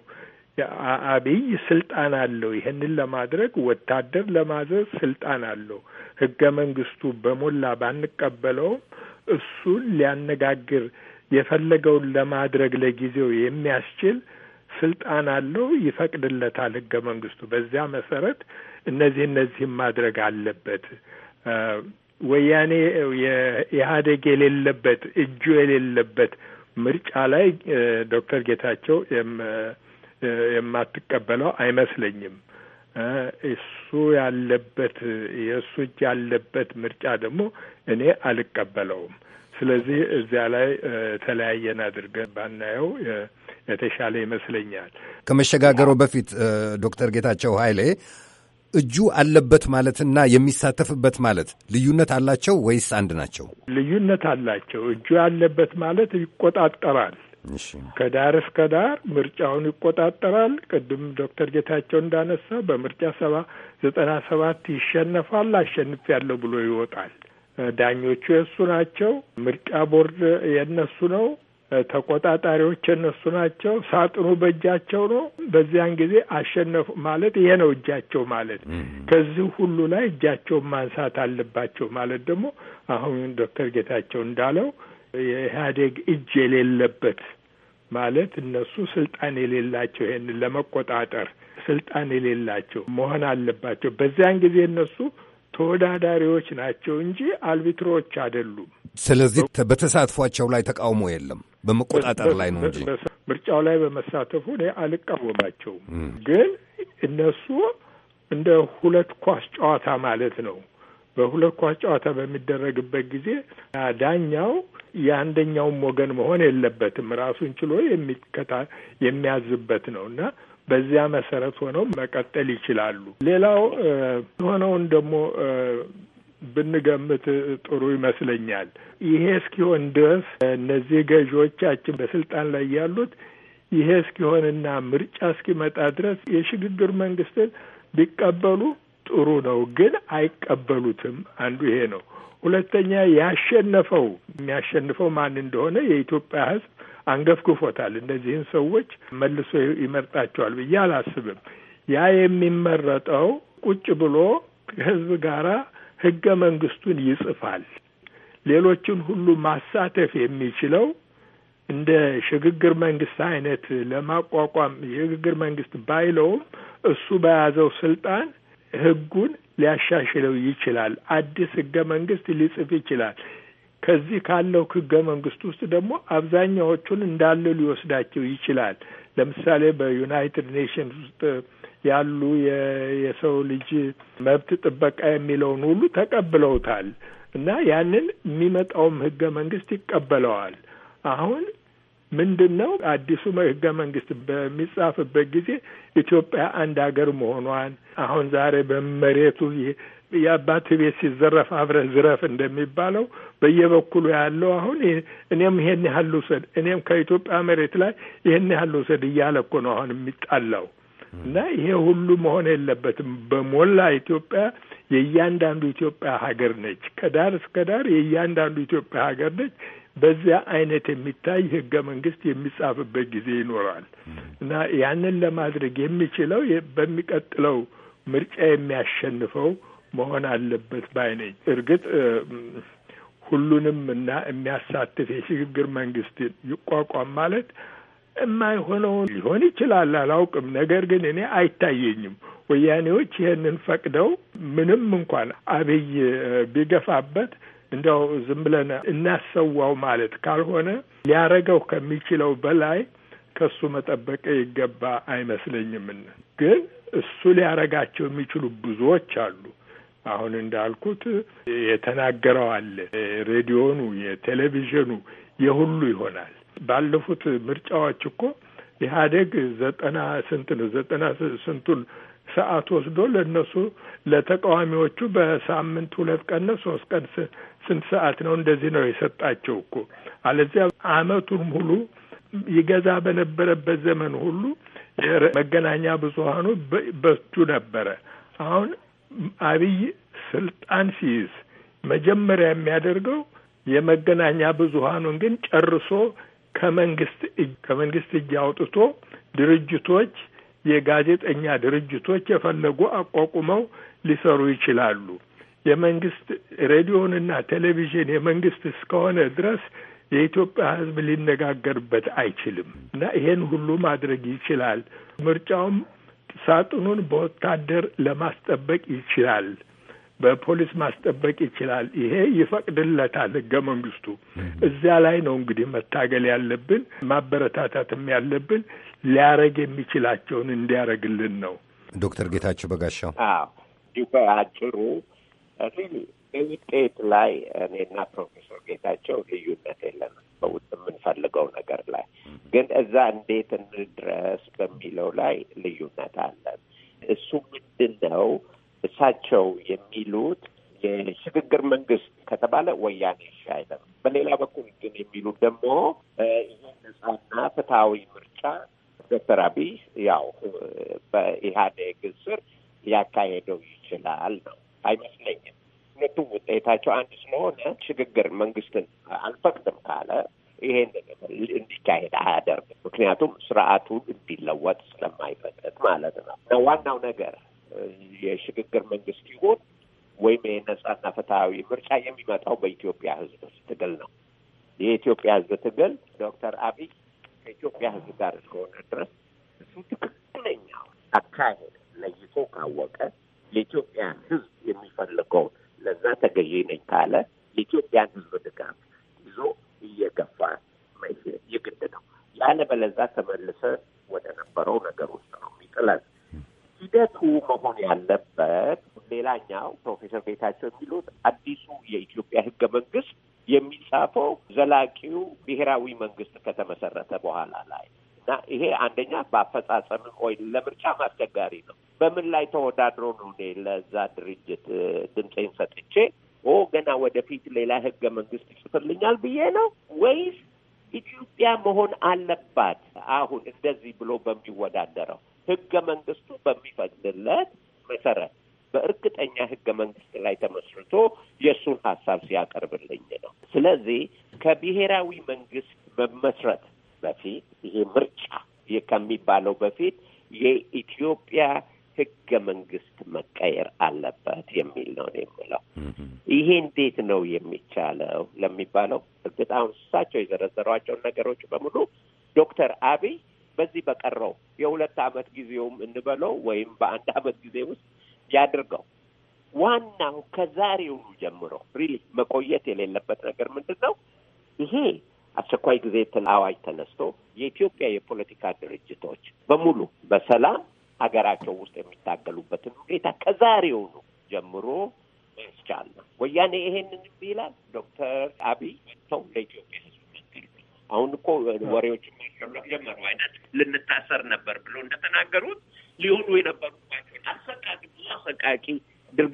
[SPEAKER 2] አብይ ስልጣን አለው። ይህንን ለማድረግ ወታደር ለማዘዝ ስልጣን አለው። ህገ መንግስቱ በሞላ ባንቀበለውም እሱን ሊያነጋግር የፈለገውን ለማድረግ ለጊዜው የሚያስችል ስልጣን አለው፣ ይፈቅድለታል ህገ መንግስቱ። በዚያ መሰረት እነዚህ እነዚህም ማድረግ አለበት። ወያኔ የኢህአዴግ የሌለበት እጁ የሌለበት ምርጫ ላይ ዶክተር ጌታቸው የማትቀበለው አይመስለኝም። እሱ ያለበት የእሱ እጅ ያለበት ምርጫ ደግሞ እኔ አልቀበለውም። ስለዚህ እዚያ ላይ ተለያየን አድርገን ባናየው የተሻለ ይመስለኛል።
[SPEAKER 5] ከመሸጋገሩ በፊት ዶክተር ጌታቸው ኃይሌ እጁ አለበት ማለትና የሚሳተፍበት ማለት ልዩነት አላቸው ወይስ አንድ ናቸው?
[SPEAKER 2] ልዩነት አላቸው። እጁ ያለበት ማለት ይቆጣጠራል ከዳር እስከ ዳር ምርጫውን ይቆጣጠራል። ቅድም ዶክተር ጌታቸው እንዳነሳ በምርጫ ሰባ ዘጠና ሰባት ይሸነፋል። አሸንፍ ያለው ብሎ ይወጣል። ዳኞቹ የእሱ ናቸው። ምርጫ ቦርድ የእነሱ ነው። ተቆጣጣሪዎች የእነሱ ናቸው። ሳጥኑ በእጃቸው ነው። በዚያን ጊዜ አሸነፉ ማለት ይሄ ነው እጃቸው ማለት። ከዚህ ሁሉ ላይ እጃቸውን ማንሳት አለባቸው ማለት ደግሞ አሁን ዶክተር ጌታቸው እንዳለው የኢህአዴግ እጅ የሌለበት ማለት እነሱ ስልጣን የሌላቸው ይሄንን ለመቆጣጠር ስልጣን የሌላቸው መሆን አለባቸው። በዚያን ጊዜ እነሱ ተወዳዳሪዎች ናቸው እንጂ አልቢትሮች አይደሉም።
[SPEAKER 5] ስለዚህ በተሳትፏቸው ላይ ተቃውሞ የለም፣ በመቆጣጠር ላይ ነው እንጂ
[SPEAKER 2] ምርጫው ላይ በመሳተፉ እኔ አልቃወማቸውም። ግን እነሱ እንደ ሁለት ኳስ ጨዋታ ማለት ነው። በሁለት ኳስ ጨዋታ በሚደረግበት ጊዜ ዳኛው የአንደኛውም ወገን መሆን የለበትም። ራሱን ችሎ የሚከታ የሚያዝበት ነው እና በዚያ መሰረት ሆነው መቀጠል ይችላሉ። ሌላው የሆነውን ደግሞ ብንገምት ጥሩ ይመስለኛል። ይሄ እስኪሆን ድረስ እነዚህ ገዢዎቻችን በስልጣን ላይ ያሉት ይሄ እስኪሆንና ምርጫ እስኪመጣ ድረስ የሽግግር መንግስትን ቢቀበሉ ጥሩ ነው፣ ግን አይቀበሉትም። አንዱ ይሄ ነው። ሁለተኛ ያሸነፈው የሚያሸንፈው ማን እንደሆነ የኢትዮጵያ ሕዝብ አንገፍግፎታል። እነዚህን ሰዎች መልሶ ይመርጣቸዋል ብዬ አላስብም። ያ የሚመረጠው ቁጭ ብሎ ከህዝብ ጋራ ህገ መንግስቱን ይጽፋል። ሌሎችን ሁሉ ማሳተፍ የሚችለው እንደ ሽግግር መንግስት አይነት ለማቋቋም የሽግግር መንግስት ባይለውም እሱ በያዘው ስልጣን ህጉን ሊያሻሽለው ይችላል። አዲስ ህገ መንግስት ሊጽፍ ይችላል። ከዚህ ካለው ህገ መንግስት ውስጥ ደግሞ አብዛኛዎቹን እንዳለ ሊወስዳቸው ይችላል። ለምሳሌ በዩናይትድ ኔሽንስ ውስጥ ያሉ የሰው ልጅ መብት ጥበቃ የሚለውን ሁሉ ተቀብለውታል እና ያንን የሚመጣውም ህገ መንግስት ይቀበለዋል። አሁን ምንድን ነው አዲሱ ህገ መንግስት በሚጻፍበት ጊዜ ኢትዮጵያ አንድ ሀገር መሆኗን አሁን ዛሬ በመሬቱ የአባት ቤት ሲዘረፍ አብረህ ዝረፍ እንደሚባለው በየበኩሉ ያለው አሁን እኔም ይሄን ያህል ውሰድ፣ እኔም ከኢትዮጵያ መሬት ላይ ይሄን ያህል ውሰድ እያለ እኮ ነው አሁን የሚጣላው። እና ይሄ ሁሉ መሆን የለበትም። በሞላ ኢትዮጵያ የእያንዳንዱ ኢትዮጵያ ሀገር ነች። ከዳር እስከ ዳር የእያንዳንዱ ኢትዮጵያ ሀገር ነች። በዚያ አይነት የሚታይ ህገ መንግስት የሚጻፍበት ጊዜ ይኖራል እና ያንን ለማድረግ የሚችለው በሚቀጥለው ምርጫ የሚያሸንፈው መሆን አለበት ባይ ነኝ። እርግጥ ሁሉንም እና የሚያሳትፍ የሽግግር መንግስትን ይቋቋም ማለት የማይሆነውን ሊሆን ይችላል፣ አላውቅም። ነገር ግን እኔ አይታየኝም። ወያኔዎች ይህንን ፈቅደው ምንም እንኳን አብይ ቢገፋበት እንደው ዝም ብለን እናሰዋው ማለት ካልሆነ ሊያረገው ከሚችለው በላይ ከሱ መጠበቅ ይገባ አይመስለኝም። ግን እሱ ሊያረጋቸው የሚችሉ ብዙዎች አሉ። አሁን እንዳልኩት የተናገረው አለ፣ ሬዲዮኑ፣ የቴሌቪዥኑ፣ የሁሉ ይሆናል። ባለፉት ምርጫዎች እኮ ኢህአዴግ ዘጠና ስንት ነው ዘጠና ስንቱን ሰዓት ወስዶ ለእነሱ ለተቃዋሚዎቹ በሳምንት ሁለት ቀን ነው ሶስት ቀን ስንት ሰዓት ነው እንደዚህ ነው የሰጣቸው እኮ። አለዚያ አመቱን ሙሉ ይገዛ በነበረበት ዘመን ሁሉ መገናኛ ብዙሀኑ በእጁ ነበረ። አሁን አብይ ስልጣን ሲይዝ መጀመሪያ የሚያደርገው የመገናኛ ብዙሀኑን ግን ጨርሶ ከመንግስት ከመንግስት እጅ አውጥቶ ድርጅቶች የጋዜጠኛ ድርጅቶች የፈለጉ አቋቁመው ሊሰሩ ይችላሉ። የመንግስት ሬዲዮንና ቴሌቪዥን የመንግስት እስከሆነ ድረስ የኢትዮጵያ ሕዝብ ሊነጋገርበት አይችልም እና ይሄን ሁሉ ማድረግ ይችላል። ምርጫውም ሳጥኑን በወታደር ለማስጠበቅ ይችላል፣ በፖሊስ ማስጠበቅ ይችላል። ይሄ ይፈቅድለታል ሕገ መንግስቱ። እዚያ ላይ ነው እንግዲህ መታገል ያለብን ማበረታታትም ያለብን ሊያረግ የሚችላቸውን እንዲያረግልን ነው።
[SPEAKER 5] ዶክተር ጌታቸው በጋሻው
[SPEAKER 2] አዎ፣ እንዲሁ በአጭሩ በውጤት ላይ
[SPEAKER 3] እኔና ፕሮፌሰር ጌታቸው ልዩነት የለም በውጥ የምንፈልገው ነገር ላይ ግን እዛ እንዴት እንድረስ በሚለው ላይ ልዩነት አለን። እሱ ምንድን ነው? እሳቸው የሚሉት የሽግግር መንግስት ከተባለ ወያኔ እሺ አይለም። በሌላ በኩል ግን የሚሉት ደግሞ ይህ ነጻና ፍትሐዊ ምርጫ ዶክተር አብይ ያው በኢህአዴግ ስር ሊያካሄደው ይችላል ነው አይመስለኝም። ሁለቱ ውጤታቸው አንድ ስለሆነ ሽግግር መንግስትን አልፈቅድም ካለ ይሄን እንዲካሄድ አያደርግም። ምክንያቱም ስርዓቱ እንዲለወጥ ስለማይፈቅድ ማለት ነው። እና ዋናው ነገር የሽግግር መንግስት ይሁን ወይም የነጻና ፍትሐዊ ምርጫ የሚመጣው በኢትዮጵያ ህዝብ ትግል ነው። የኢትዮጵያ ህዝብ ትግል ዶክተር አብይ ከኢትዮጵያ ሕዝብ ጋር እስከሆነ ድረስ እሱ ትክክለኛው አካሄድ ለይቶ ካወቀ የኢትዮጵያ ሕዝብ የሚፈልገውን ለዛ ተገዢ ነኝ ካለ የኢትዮጵያን ሕዝብ ድጋፍ ይዞ እየገፋ መሄድ የግድ ነው። ያለበለዛ ተመልሰ ወደ ነበረው ነገር ውስጥ ነው የሚጥለን። ሂደቱ መሆን ያለበት ሌላኛው ፕሮፌሰር ቤታቸው የሚሉት አዲሱ የኢትዮጵያ ህገ መንግስት የሚጻፈው ዘላቂው ብሔራዊ መንግስት ከተመሰረተ በኋላ ላይ እና ይሄ አንደኛ በአፈጻጸም ወይ ለምርጫም አስቸጋሪ ነው። በምን ላይ ተወዳድሮ ነው እኔ ለዛ ድርጅት ድምፄን ሰጥቼ ኦ ገና ወደፊት ሌላ ህገ መንግስት ይጽፍልኛል ብዬ ነው ወይስ ኢትዮጵያ መሆን አለባት አሁን እንደዚህ ብሎ በሚወዳደረው ህገ መንግስቱ በሚፈቅድለት መሰረት በእርግጠኛ ህገ መንግስት ላይ ተመስርቶ የእሱን ሀሳብ ሲያቀርብልኝ ነው። ስለዚህ ከብሔራዊ መንግስት መመስረት በፊት ይሄ ምርጫ ከሚባለው በፊት የኢትዮጵያ ህገ መንግስት መቀየር አለበት የሚል ነው የምለው። ይሄ እንዴት ነው የሚቻለው ለሚባለው እርግጥ አሁን እሳቸው የዘረዘሯቸውን ነገሮች በሙሉ ዶክተር አብይ በዚህ በቀረው የሁለት አመት ጊዜውም እንበለው ወይም በአንድ አመት ጊዜ ውስጥ ያድርገው። ዋናው ከዛሬውኑ ጀምሮ ሪሊ መቆየት የሌለበት ነገር ምንድን ነው? ይሄ አስቸኳይ ጊዜ አዋጅ ተነስቶ የኢትዮጵያ የፖለቲካ ድርጅቶች በሙሉ በሰላም ሀገራቸው ውስጥ የሚታገሉበትን ሁኔታ ከዛሬውኑ ጀምሮ ያስቻል ነው። ወያኔ ይሄንን ይላል። ዶክተር አብይ ሰው ለኢትዮጵያ አሁን እኮ ወሬዎች ጀመሩ አይነት ልንታሰር ነበር ብሎ እንደተናገሩት ሊሆኑ የነበሩ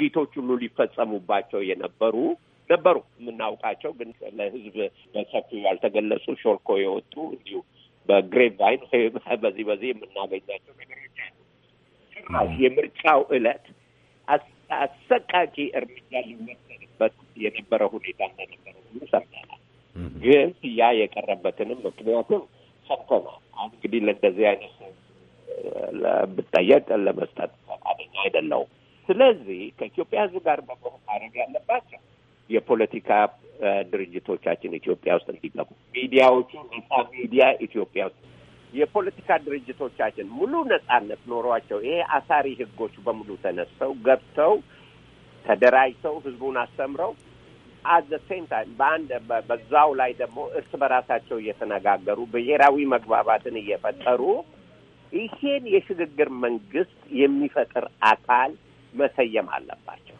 [SPEAKER 3] ድርጊቶች ሁሉ ሊፈጸሙባቸው የነበሩ ነበሩ የምናውቃቸው፣ ግን ለህዝብ በሰፊው ያልተገለጹ ሾልኮ የወጡ እንዲሁ በግሬቭ ቫይን በዚህ በዚህ የምናገኛቸው ነገሮች የምርጫው እለት አሰቃቂ እርምጃ ሊወሰድበት የነበረ ሁኔታ እንደነበረ ሁሉ ሰምተናል። ግን ያ የቀረበትንም ምክንያቱም ሰምተናል። እንግዲህ ለእንደዚህ አይነት ብጠየቅ ለመስጠት ፈቃደኛ አይደለውም። ስለዚህ ከኢትዮጵያ ሕዝብ ጋር በመሆን ማድረግ ያለባቸው የፖለቲካ ድርጅቶቻችን ኢትዮጵያ ውስጥ እንዲገቡ፣ ሚዲያዎቹ ነጻ ሚዲያ ኢትዮጵያ ውስጥ የፖለቲካ ድርጅቶቻችን ሙሉ ነጻነት ኖሯቸው ይሄ አሳሪ ህጎች በሙሉ ተነስተው ገብተው ተደራጅተው ህዝቡን አስተምረው አት ዘ ሴም ታይም በአንድ በዛው ላይ ደግሞ እርስ በራሳቸው እየተነጋገሩ ብሔራዊ መግባባትን እየፈጠሩ ይሄን የሽግግር መንግስት የሚፈጥር አካል መሰየም አለባቸው።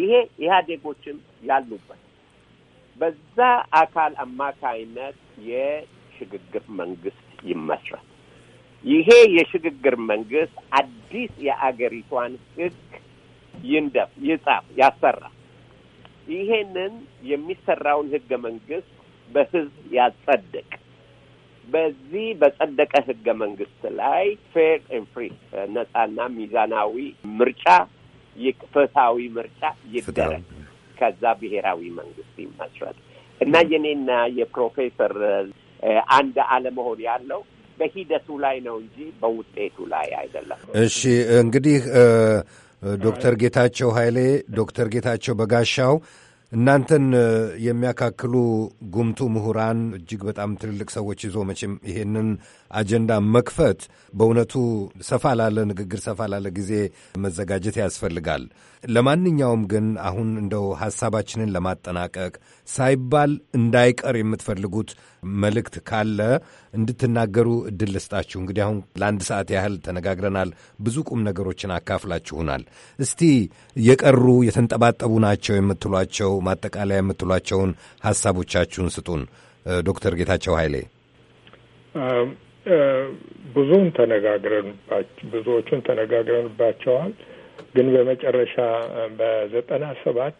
[SPEAKER 3] ይሄ ኢህአዴጎችም ያሉበት በዛ አካል አማካይነት የሽግግር መንግስት ይመስረት። ይሄ የሽግግር መንግስት አዲስ የአገሪቷን ህግ ይንደፍ፣ ይጻፍ፣ ያሰራ። ይሄንን የሚሰራውን ህገ መንግስት በህዝብ ያጸድቅ። በዚህ በጸደቀ ህገ መንግስት ላይ ፌር ኤንድ ፍሪ ነጻና ሚዛናዊ ምርጫ ፍትሃዊ ምርጫ ይደረግ፣ ከዛ ብሔራዊ መንግስት ይመስረት እና የኔና የፕሮፌሰር አንድ አለመሆን ያለው በሂደቱ ላይ ነው እንጂ በውጤቱ ላይ አይደለም።
[SPEAKER 5] እሺ እንግዲህ ዶክተር ጌታቸው ኃይሌ፣ ዶክተር ጌታቸው በጋሻው እናንተን የሚያካክሉ ጉምቱ ምሁራን እጅግ በጣም ትልልቅ ሰዎች ይዞ መቼም ይሄንን አጀንዳ መክፈት በእውነቱ ሰፋ ላለ ንግግር፣ ሰፋ ላለ ጊዜ መዘጋጀት ያስፈልጋል። ለማንኛውም ግን አሁን እንደው ሐሳባችንን ለማጠናቀቅ ሳይባል እንዳይቀር የምትፈልጉት መልእክት ካለ እንድትናገሩ እድል ልስጣችሁ። እንግዲህ አሁን ለአንድ ሰዓት ያህል ተነጋግረናል። ብዙ ቁም ነገሮችን አካፍላችሁናል። እስቲ የቀሩ የተንጠባጠቡ ናቸው የምትሏቸው ማጠቃለያ የምትሏቸውን ሐሳቦቻችሁን ስጡን። ዶክተር ጌታቸው ኃይሌ
[SPEAKER 2] ብዙን ተነጋግረንባቸው ብዙዎቹን ተነጋግረንባቸዋል። ግን በመጨረሻ በዘጠና ሰባት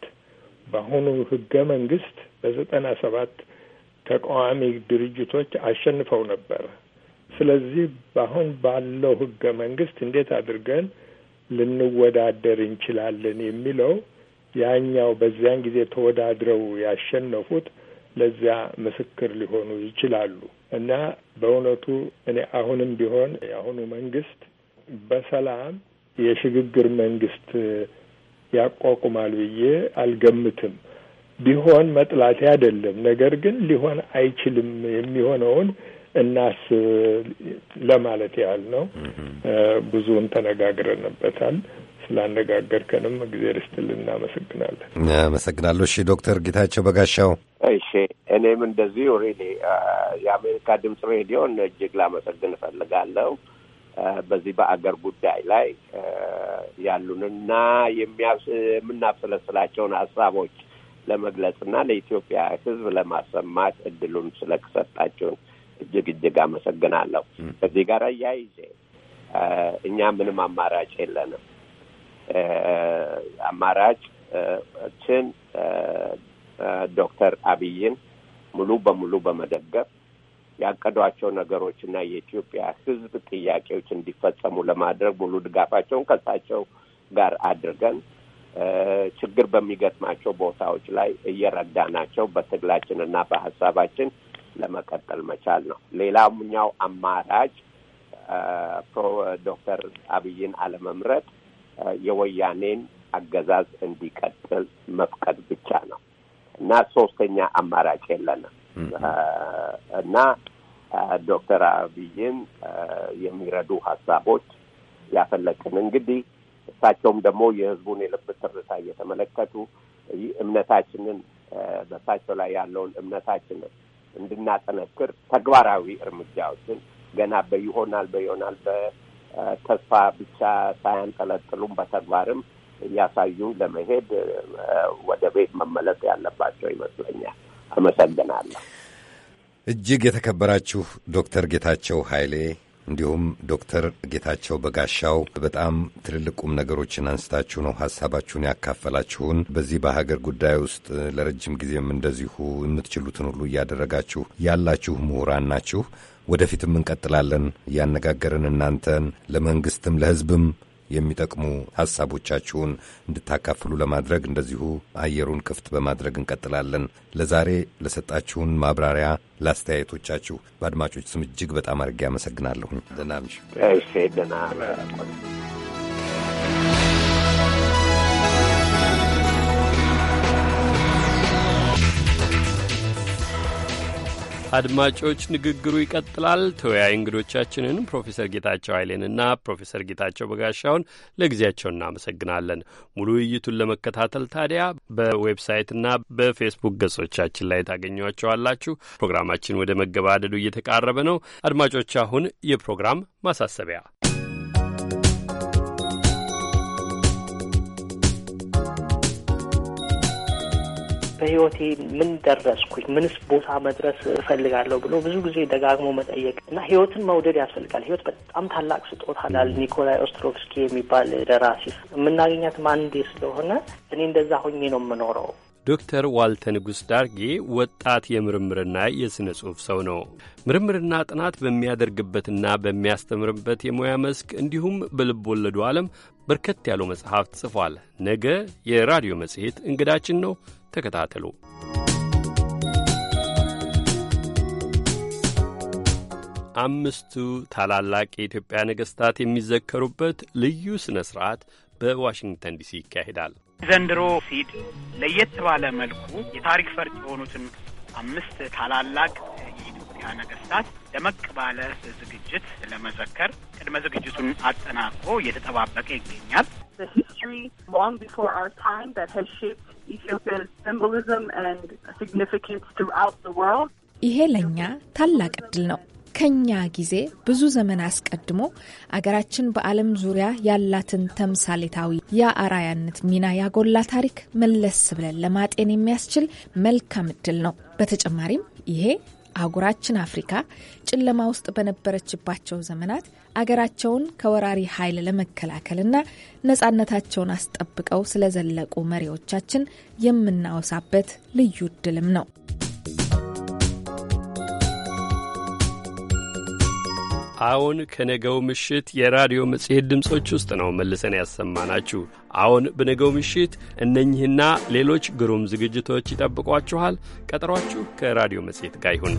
[SPEAKER 2] በአሁኑ ህገ መንግስት በዘጠና ሰባት ተቃዋሚ ድርጅቶች አሸንፈው ነበር። ስለዚህ በአሁን ባለው ህገ መንግስት እንዴት አድርገን ልንወዳደር እንችላለን የሚለው ያኛው በዚያን ጊዜ ተወዳድረው ያሸነፉት ለዚያ ምስክር ሊሆኑ ይችላሉ። እና በእውነቱ እኔ አሁንም ቢሆን የአሁኑ መንግስት በሰላም የሽግግር መንግስት ያቋቁማል ብዬ አልገምትም። ቢሆን መጥላት አይደለም። ነገር ግን ሊሆን አይችልም የሚሆነውን እናስ ለማለት ያህል ነው። ብዙውን ተነጋግረንበታል። ስላነጋገርከንም እግዜር ይስጥልን እናመሰግናለን።
[SPEAKER 5] አመሰግናለሁ። እሺ ዶክተር ጌታቸው በጋሻው።
[SPEAKER 3] እሺ እኔም እንደዚሁ ሪሊ የአሜሪካ ድምጽ ሬዲዮን እጅግ ላመሰግን እፈልጋለሁ በዚህ በአገር ጉዳይ ላይ ያሉንና የምናብሰለስላቸውን ሀሳቦች ለመግለጽና ለኢትዮጵያ ሕዝብ ለማሰማት እድሉን ስለተሰጣችሁን እጅግ እጅግ አመሰግናለሁ። ከዚህ ጋር እያይዜ እኛ ምንም አማራጭ የለንም። ችን ዶክተር አብይን ሙሉ በሙሉ በመደገፍ ያቀዷቸው ነገሮች እና የኢትዮጵያ ሕዝብ ጥያቄዎች እንዲፈጸሙ ለማድረግ ሙሉ ድጋፋቸውን ከሳቸው ጋር አድርገን ችግር በሚገጥማቸው ቦታዎች ላይ እየረዳናቸው በትግላችን እና በሀሳባችን ለመቀጠል መቻል ነው። ሌላኛው አማራጭ ዶክተር አብይን አለመምረጥ የወያኔን አገዛዝ እንዲቀጥል መፍቀድ ብቻ ነው እና ሶስተኛ አማራጭ የለንም እና ዶክተር አብይን የሚረዱ ሀሳቦች ያፈለቅን እንግዲህ እሳቸውም ደግሞ የህዝቡን የልብ ትርታ እየተመለከቱ እምነታችንን በእሳቸው ላይ ያለውን እምነታችንን እንድናጠነክር ተግባራዊ እርምጃዎችን ገና በይሆናል በይሆናል ተስፋ ብቻ ሳያንጠለጥሉም በተግባርም እያሳዩ ለመሄድ ወደ ቤት መመለስ ያለባቸው ይመስለኛል። አመሰግናለሁ።
[SPEAKER 5] እጅግ የተከበራችሁ ዶክተር ጌታቸው ኃይሌ እንዲሁም ዶክተር ጌታቸው በጋሻው በጣም ትልልቅ ቁም ነገሮችን አንስታችሁ ነው ሀሳባችሁን ያካፈላችሁን። በዚህ በሀገር ጉዳይ ውስጥ ለረጅም ጊዜም እንደዚሁ የምትችሉትን ሁሉ እያደረጋችሁ ያላችሁ ምሁራን ናችሁ። ወደፊትም እንቀጥላለን እያነጋገርን እናንተን ለመንግስትም ለህዝብም የሚጠቅሙ ሐሳቦቻችሁን እንድታካፍሉ ለማድረግ እንደዚሁ አየሩን ክፍት በማድረግ እንቀጥላለን። ለዛሬ ለሰጣችሁን ማብራሪያ፣ ለአስተያየቶቻችሁ በአድማጮች ስም እጅግ በጣም አድርጌ አመሰግናለሁኝ። ደህና
[SPEAKER 3] እሺ፣ ደህና
[SPEAKER 1] አድማጮች ንግግሩ ይቀጥላል። ተወያይ እንግዶቻችንን ፕሮፌሰር ጌታቸው ኃይሌንና ፕሮፌሰር ጌታቸው በጋሻውን ለጊዜያቸው እናመሰግናለን። ሙሉ ውይይቱን ለመከታተል ታዲያ በዌብሳይትና በፌስቡክ ገጾቻችን ላይ ታገኟቸዋላችሁ። ፕሮግራማችን ወደ መገባደዱ እየተቃረበ ነው። አድማጮች አሁን የፕሮግራም ማሳሰቢያ
[SPEAKER 2] በህይወቴ ምን ደረስኩኝ፣ ምንስ ቦታ መድረስ እፈልጋለሁ ብሎ ብዙ ጊዜ ደጋግሞ መጠየቅ እና ህይወትን መውደድ ያስፈልጋል። ህይወት በጣም ታላቅ ስጦታ ላል ኒኮላይ ኦስትሮቭስኪ የሚባል ደራሲ የምናገኛትም አንዴ ስለሆነ እኔ እንደዛ ሆኜ ነው የምኖረው።
[SPEAKER 1] ዶክተር ዋልተ ንጉሥ ዳርጌ ወጣት የምርምርና የሥነ ጽሑፍ ሰው ነው። ምርምርና ጥናት በሚያደርግበትና በሚያስተምርበት የሙያ መስክ እንዲሁም በልብ ወለዱ ዓለም በርከት ያሉ መጽሐፍት ጽፏል። ነገ የራዲዮ መጽሔት እንግዳችን ነው። ተከታተሉ። አምስቱ ታላላቅ የኢትዮጵያ ነገሥታት የሚዘከሩበት ልዩ ሥነ ሥርዓት በዋሽንግተን ዲሲ ይካሄዳል።
[SPEAKER 3] ዘንድሮ ሲድ ለየት ባለ መልኩ የታሪክ ፈርጥ የሆኑትን አምስት ታላላቅ ነገስታት ደመቅ ባለ ዝግጅት ለመዘከር ቅድመ ዝግጅቱን አጠናቆ እየተጠባበቀ ይገኛል። ይሄ ለእኛ ታላቅ እድል ነው። ከኛ ጊዜ ብዙ ዘመን አስቀድሞ አገራችን በዓለም ዙሪያ ያላትን ተምሳሌታዊ የአራያነት ሚና ያጎላ ታሪክ መለስ ብለን ለማጤን የሚያስችል መልካም እድል ነው። በተጨማሪም ይሄ አህጉራችን አፍሪካ ጨለማ ውስጥ በነበረችባቸው ዘመናት አገራቸውን ከወራሪ ኃይል ለመከላከልና ነፃነታቸውን አስጠብቀው ስለዘለቁ መሪዎቻችን የምናወሳበት ልዩ እድልም
[SPEAKER 2] ነው።
[SPEAKER 1] አዎን ከነገው ምሽት የራዲዮ መጽሔት ድምፆች ውስጥ ነው መልሰን ያሰማናችሁ። አዎን በነገው ምሽት እነኚህና ሌሎች ግሩም ዝግጅቶች ይጠብቋችኋል። ቀጠሯችሁ ከራዲዮ መጽሔት ጋር ይሁን።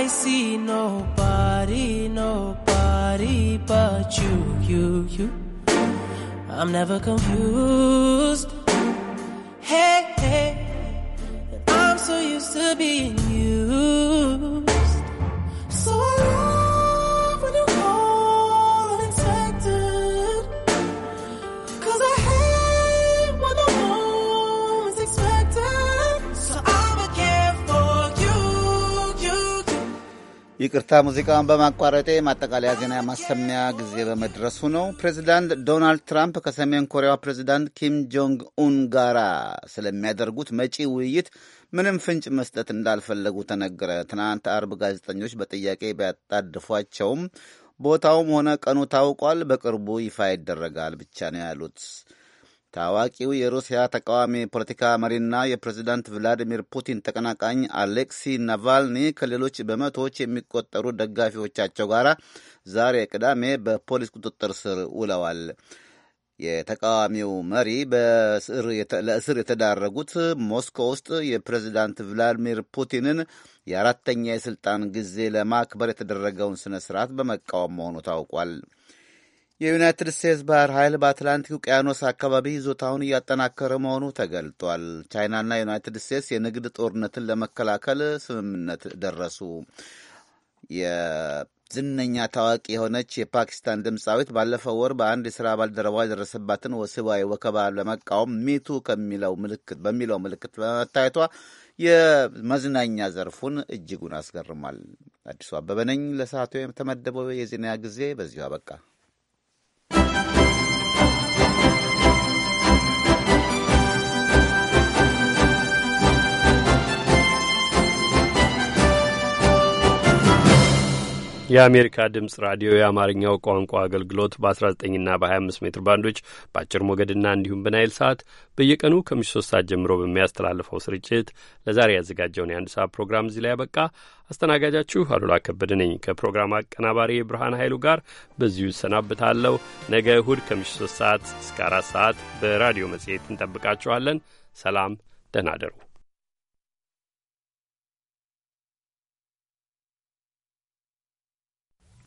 [SPEAKER 5] I see nobody, nobody but you, you, you. I'm never confused. Hey, hey, I'm so used to being you.
[SPEAKER 4] ይቅርታ ሙዚቃውን በማቋረጤ ማጠቃለያ ዜና ማሰሚያ ጊዜ በመድረሱ ነው። ፕሬዚዳንት ዶናልድ ትራምፕ ከሰሜን ኮሪያ ፕሬዚዳንት ኪም ጆንግ ኡን ጋራ ስለሚያደርጉት መጪ ውይይት ምንም ፍንጭ መስጠት እንዳልፈለጉ ተነገረ። ትናንት አርብ ጋዜጠኞች በጥያቄ ቢያጣድፏቸውም ቦታውም ሆነ ቀኑ ታውቋል፣ በቅርቡ ይፋ ይደረጋል ብቻ ነው ያሉት። ታዋቂው የሩሲያ ተቃዋሚ ፖለቲካ መሪና የፕሬዚዳንት ቭላዲሚር ፑቲን ተቀናቃኝ አሌክሲ ናቫልኒ ከሌሎች በመቶዎች የሚቆጠሩ ደጋፊዎቻቸው ጋር ዛሬ ቅዳሜ በፖሊስ ቁጥጥር ስር ውለዋል። የተቃዋሚው መሪ ለእስር የተዳረጉት ሞስኮ ውስጥ የፕሬዚዳንት ቭላዲሚር ፑቲንን የአራተኛ የሥልጣን ጊዜ ለማክበር የተደረገውን ሥነ ሥርዓት በመቃወም መሆኑ ታውቋል። የዩናይትድ ስቴትስ ባህር ኃይል በአትላንቲክ ውቅያኖስ አካባቢ ይዞታውን እያጠናከረ መሆኑ ተገልጧል። ቻይናና ዩናይትድ ስቴትስ የንግድ ጦርነትን ለመከላከል ስምምነት ደረሱ። የዝነኛ ታዋቂ የሆነች የፓኪስታን ድምፃዊት ባለፈው ወር በአንድ የሥራ ባልደረባ የደረሰባትን ወሲባዊ ወከባ ለመቃወም ሚቱ ከሚለው ምልክት በሚለው ምልክት በመታየቷ የመዝናኛ ዘርፉን እጅጉን አስገርሟል። አዲሱ አበበ ነኝ። ለሰዓቱ የተመደበው የዜና ጊዜ በዚሁ አበቃ።
[SPEAKER 1] የአሜሪካ ድምጽ ራዲዮ የአማርኛው ቋንቋ አገልግሎት በ19ና በ25 ሜትር ባንዶች በአጭር ሞገድና እንዲሁም በናይል ሰዓት በየቀኑ ከምሽቱ 3 ሰዓት ጀምሮ በሚያስተላልፈው ስርጭት ለዛሬ ያዘጋጀውን የአንድ ሰዓት ፕሮግራም እዚህ ላይ ያበቃ። አስተናጋጃችሁ አሉላ ከበደ ነኝ ከፕሮግራም አቀናባሪ ብርሃን ኃይሉ ጋር በዚሁ እሰናብታለሁ። ነገ እሁድ ከምሽቱ 3 ሰዓት እስከ 4 ሰዓት በራዲዮ መጽሔት እንጠብቃችኋለን። ሰላም፣ ደህና አደሩ።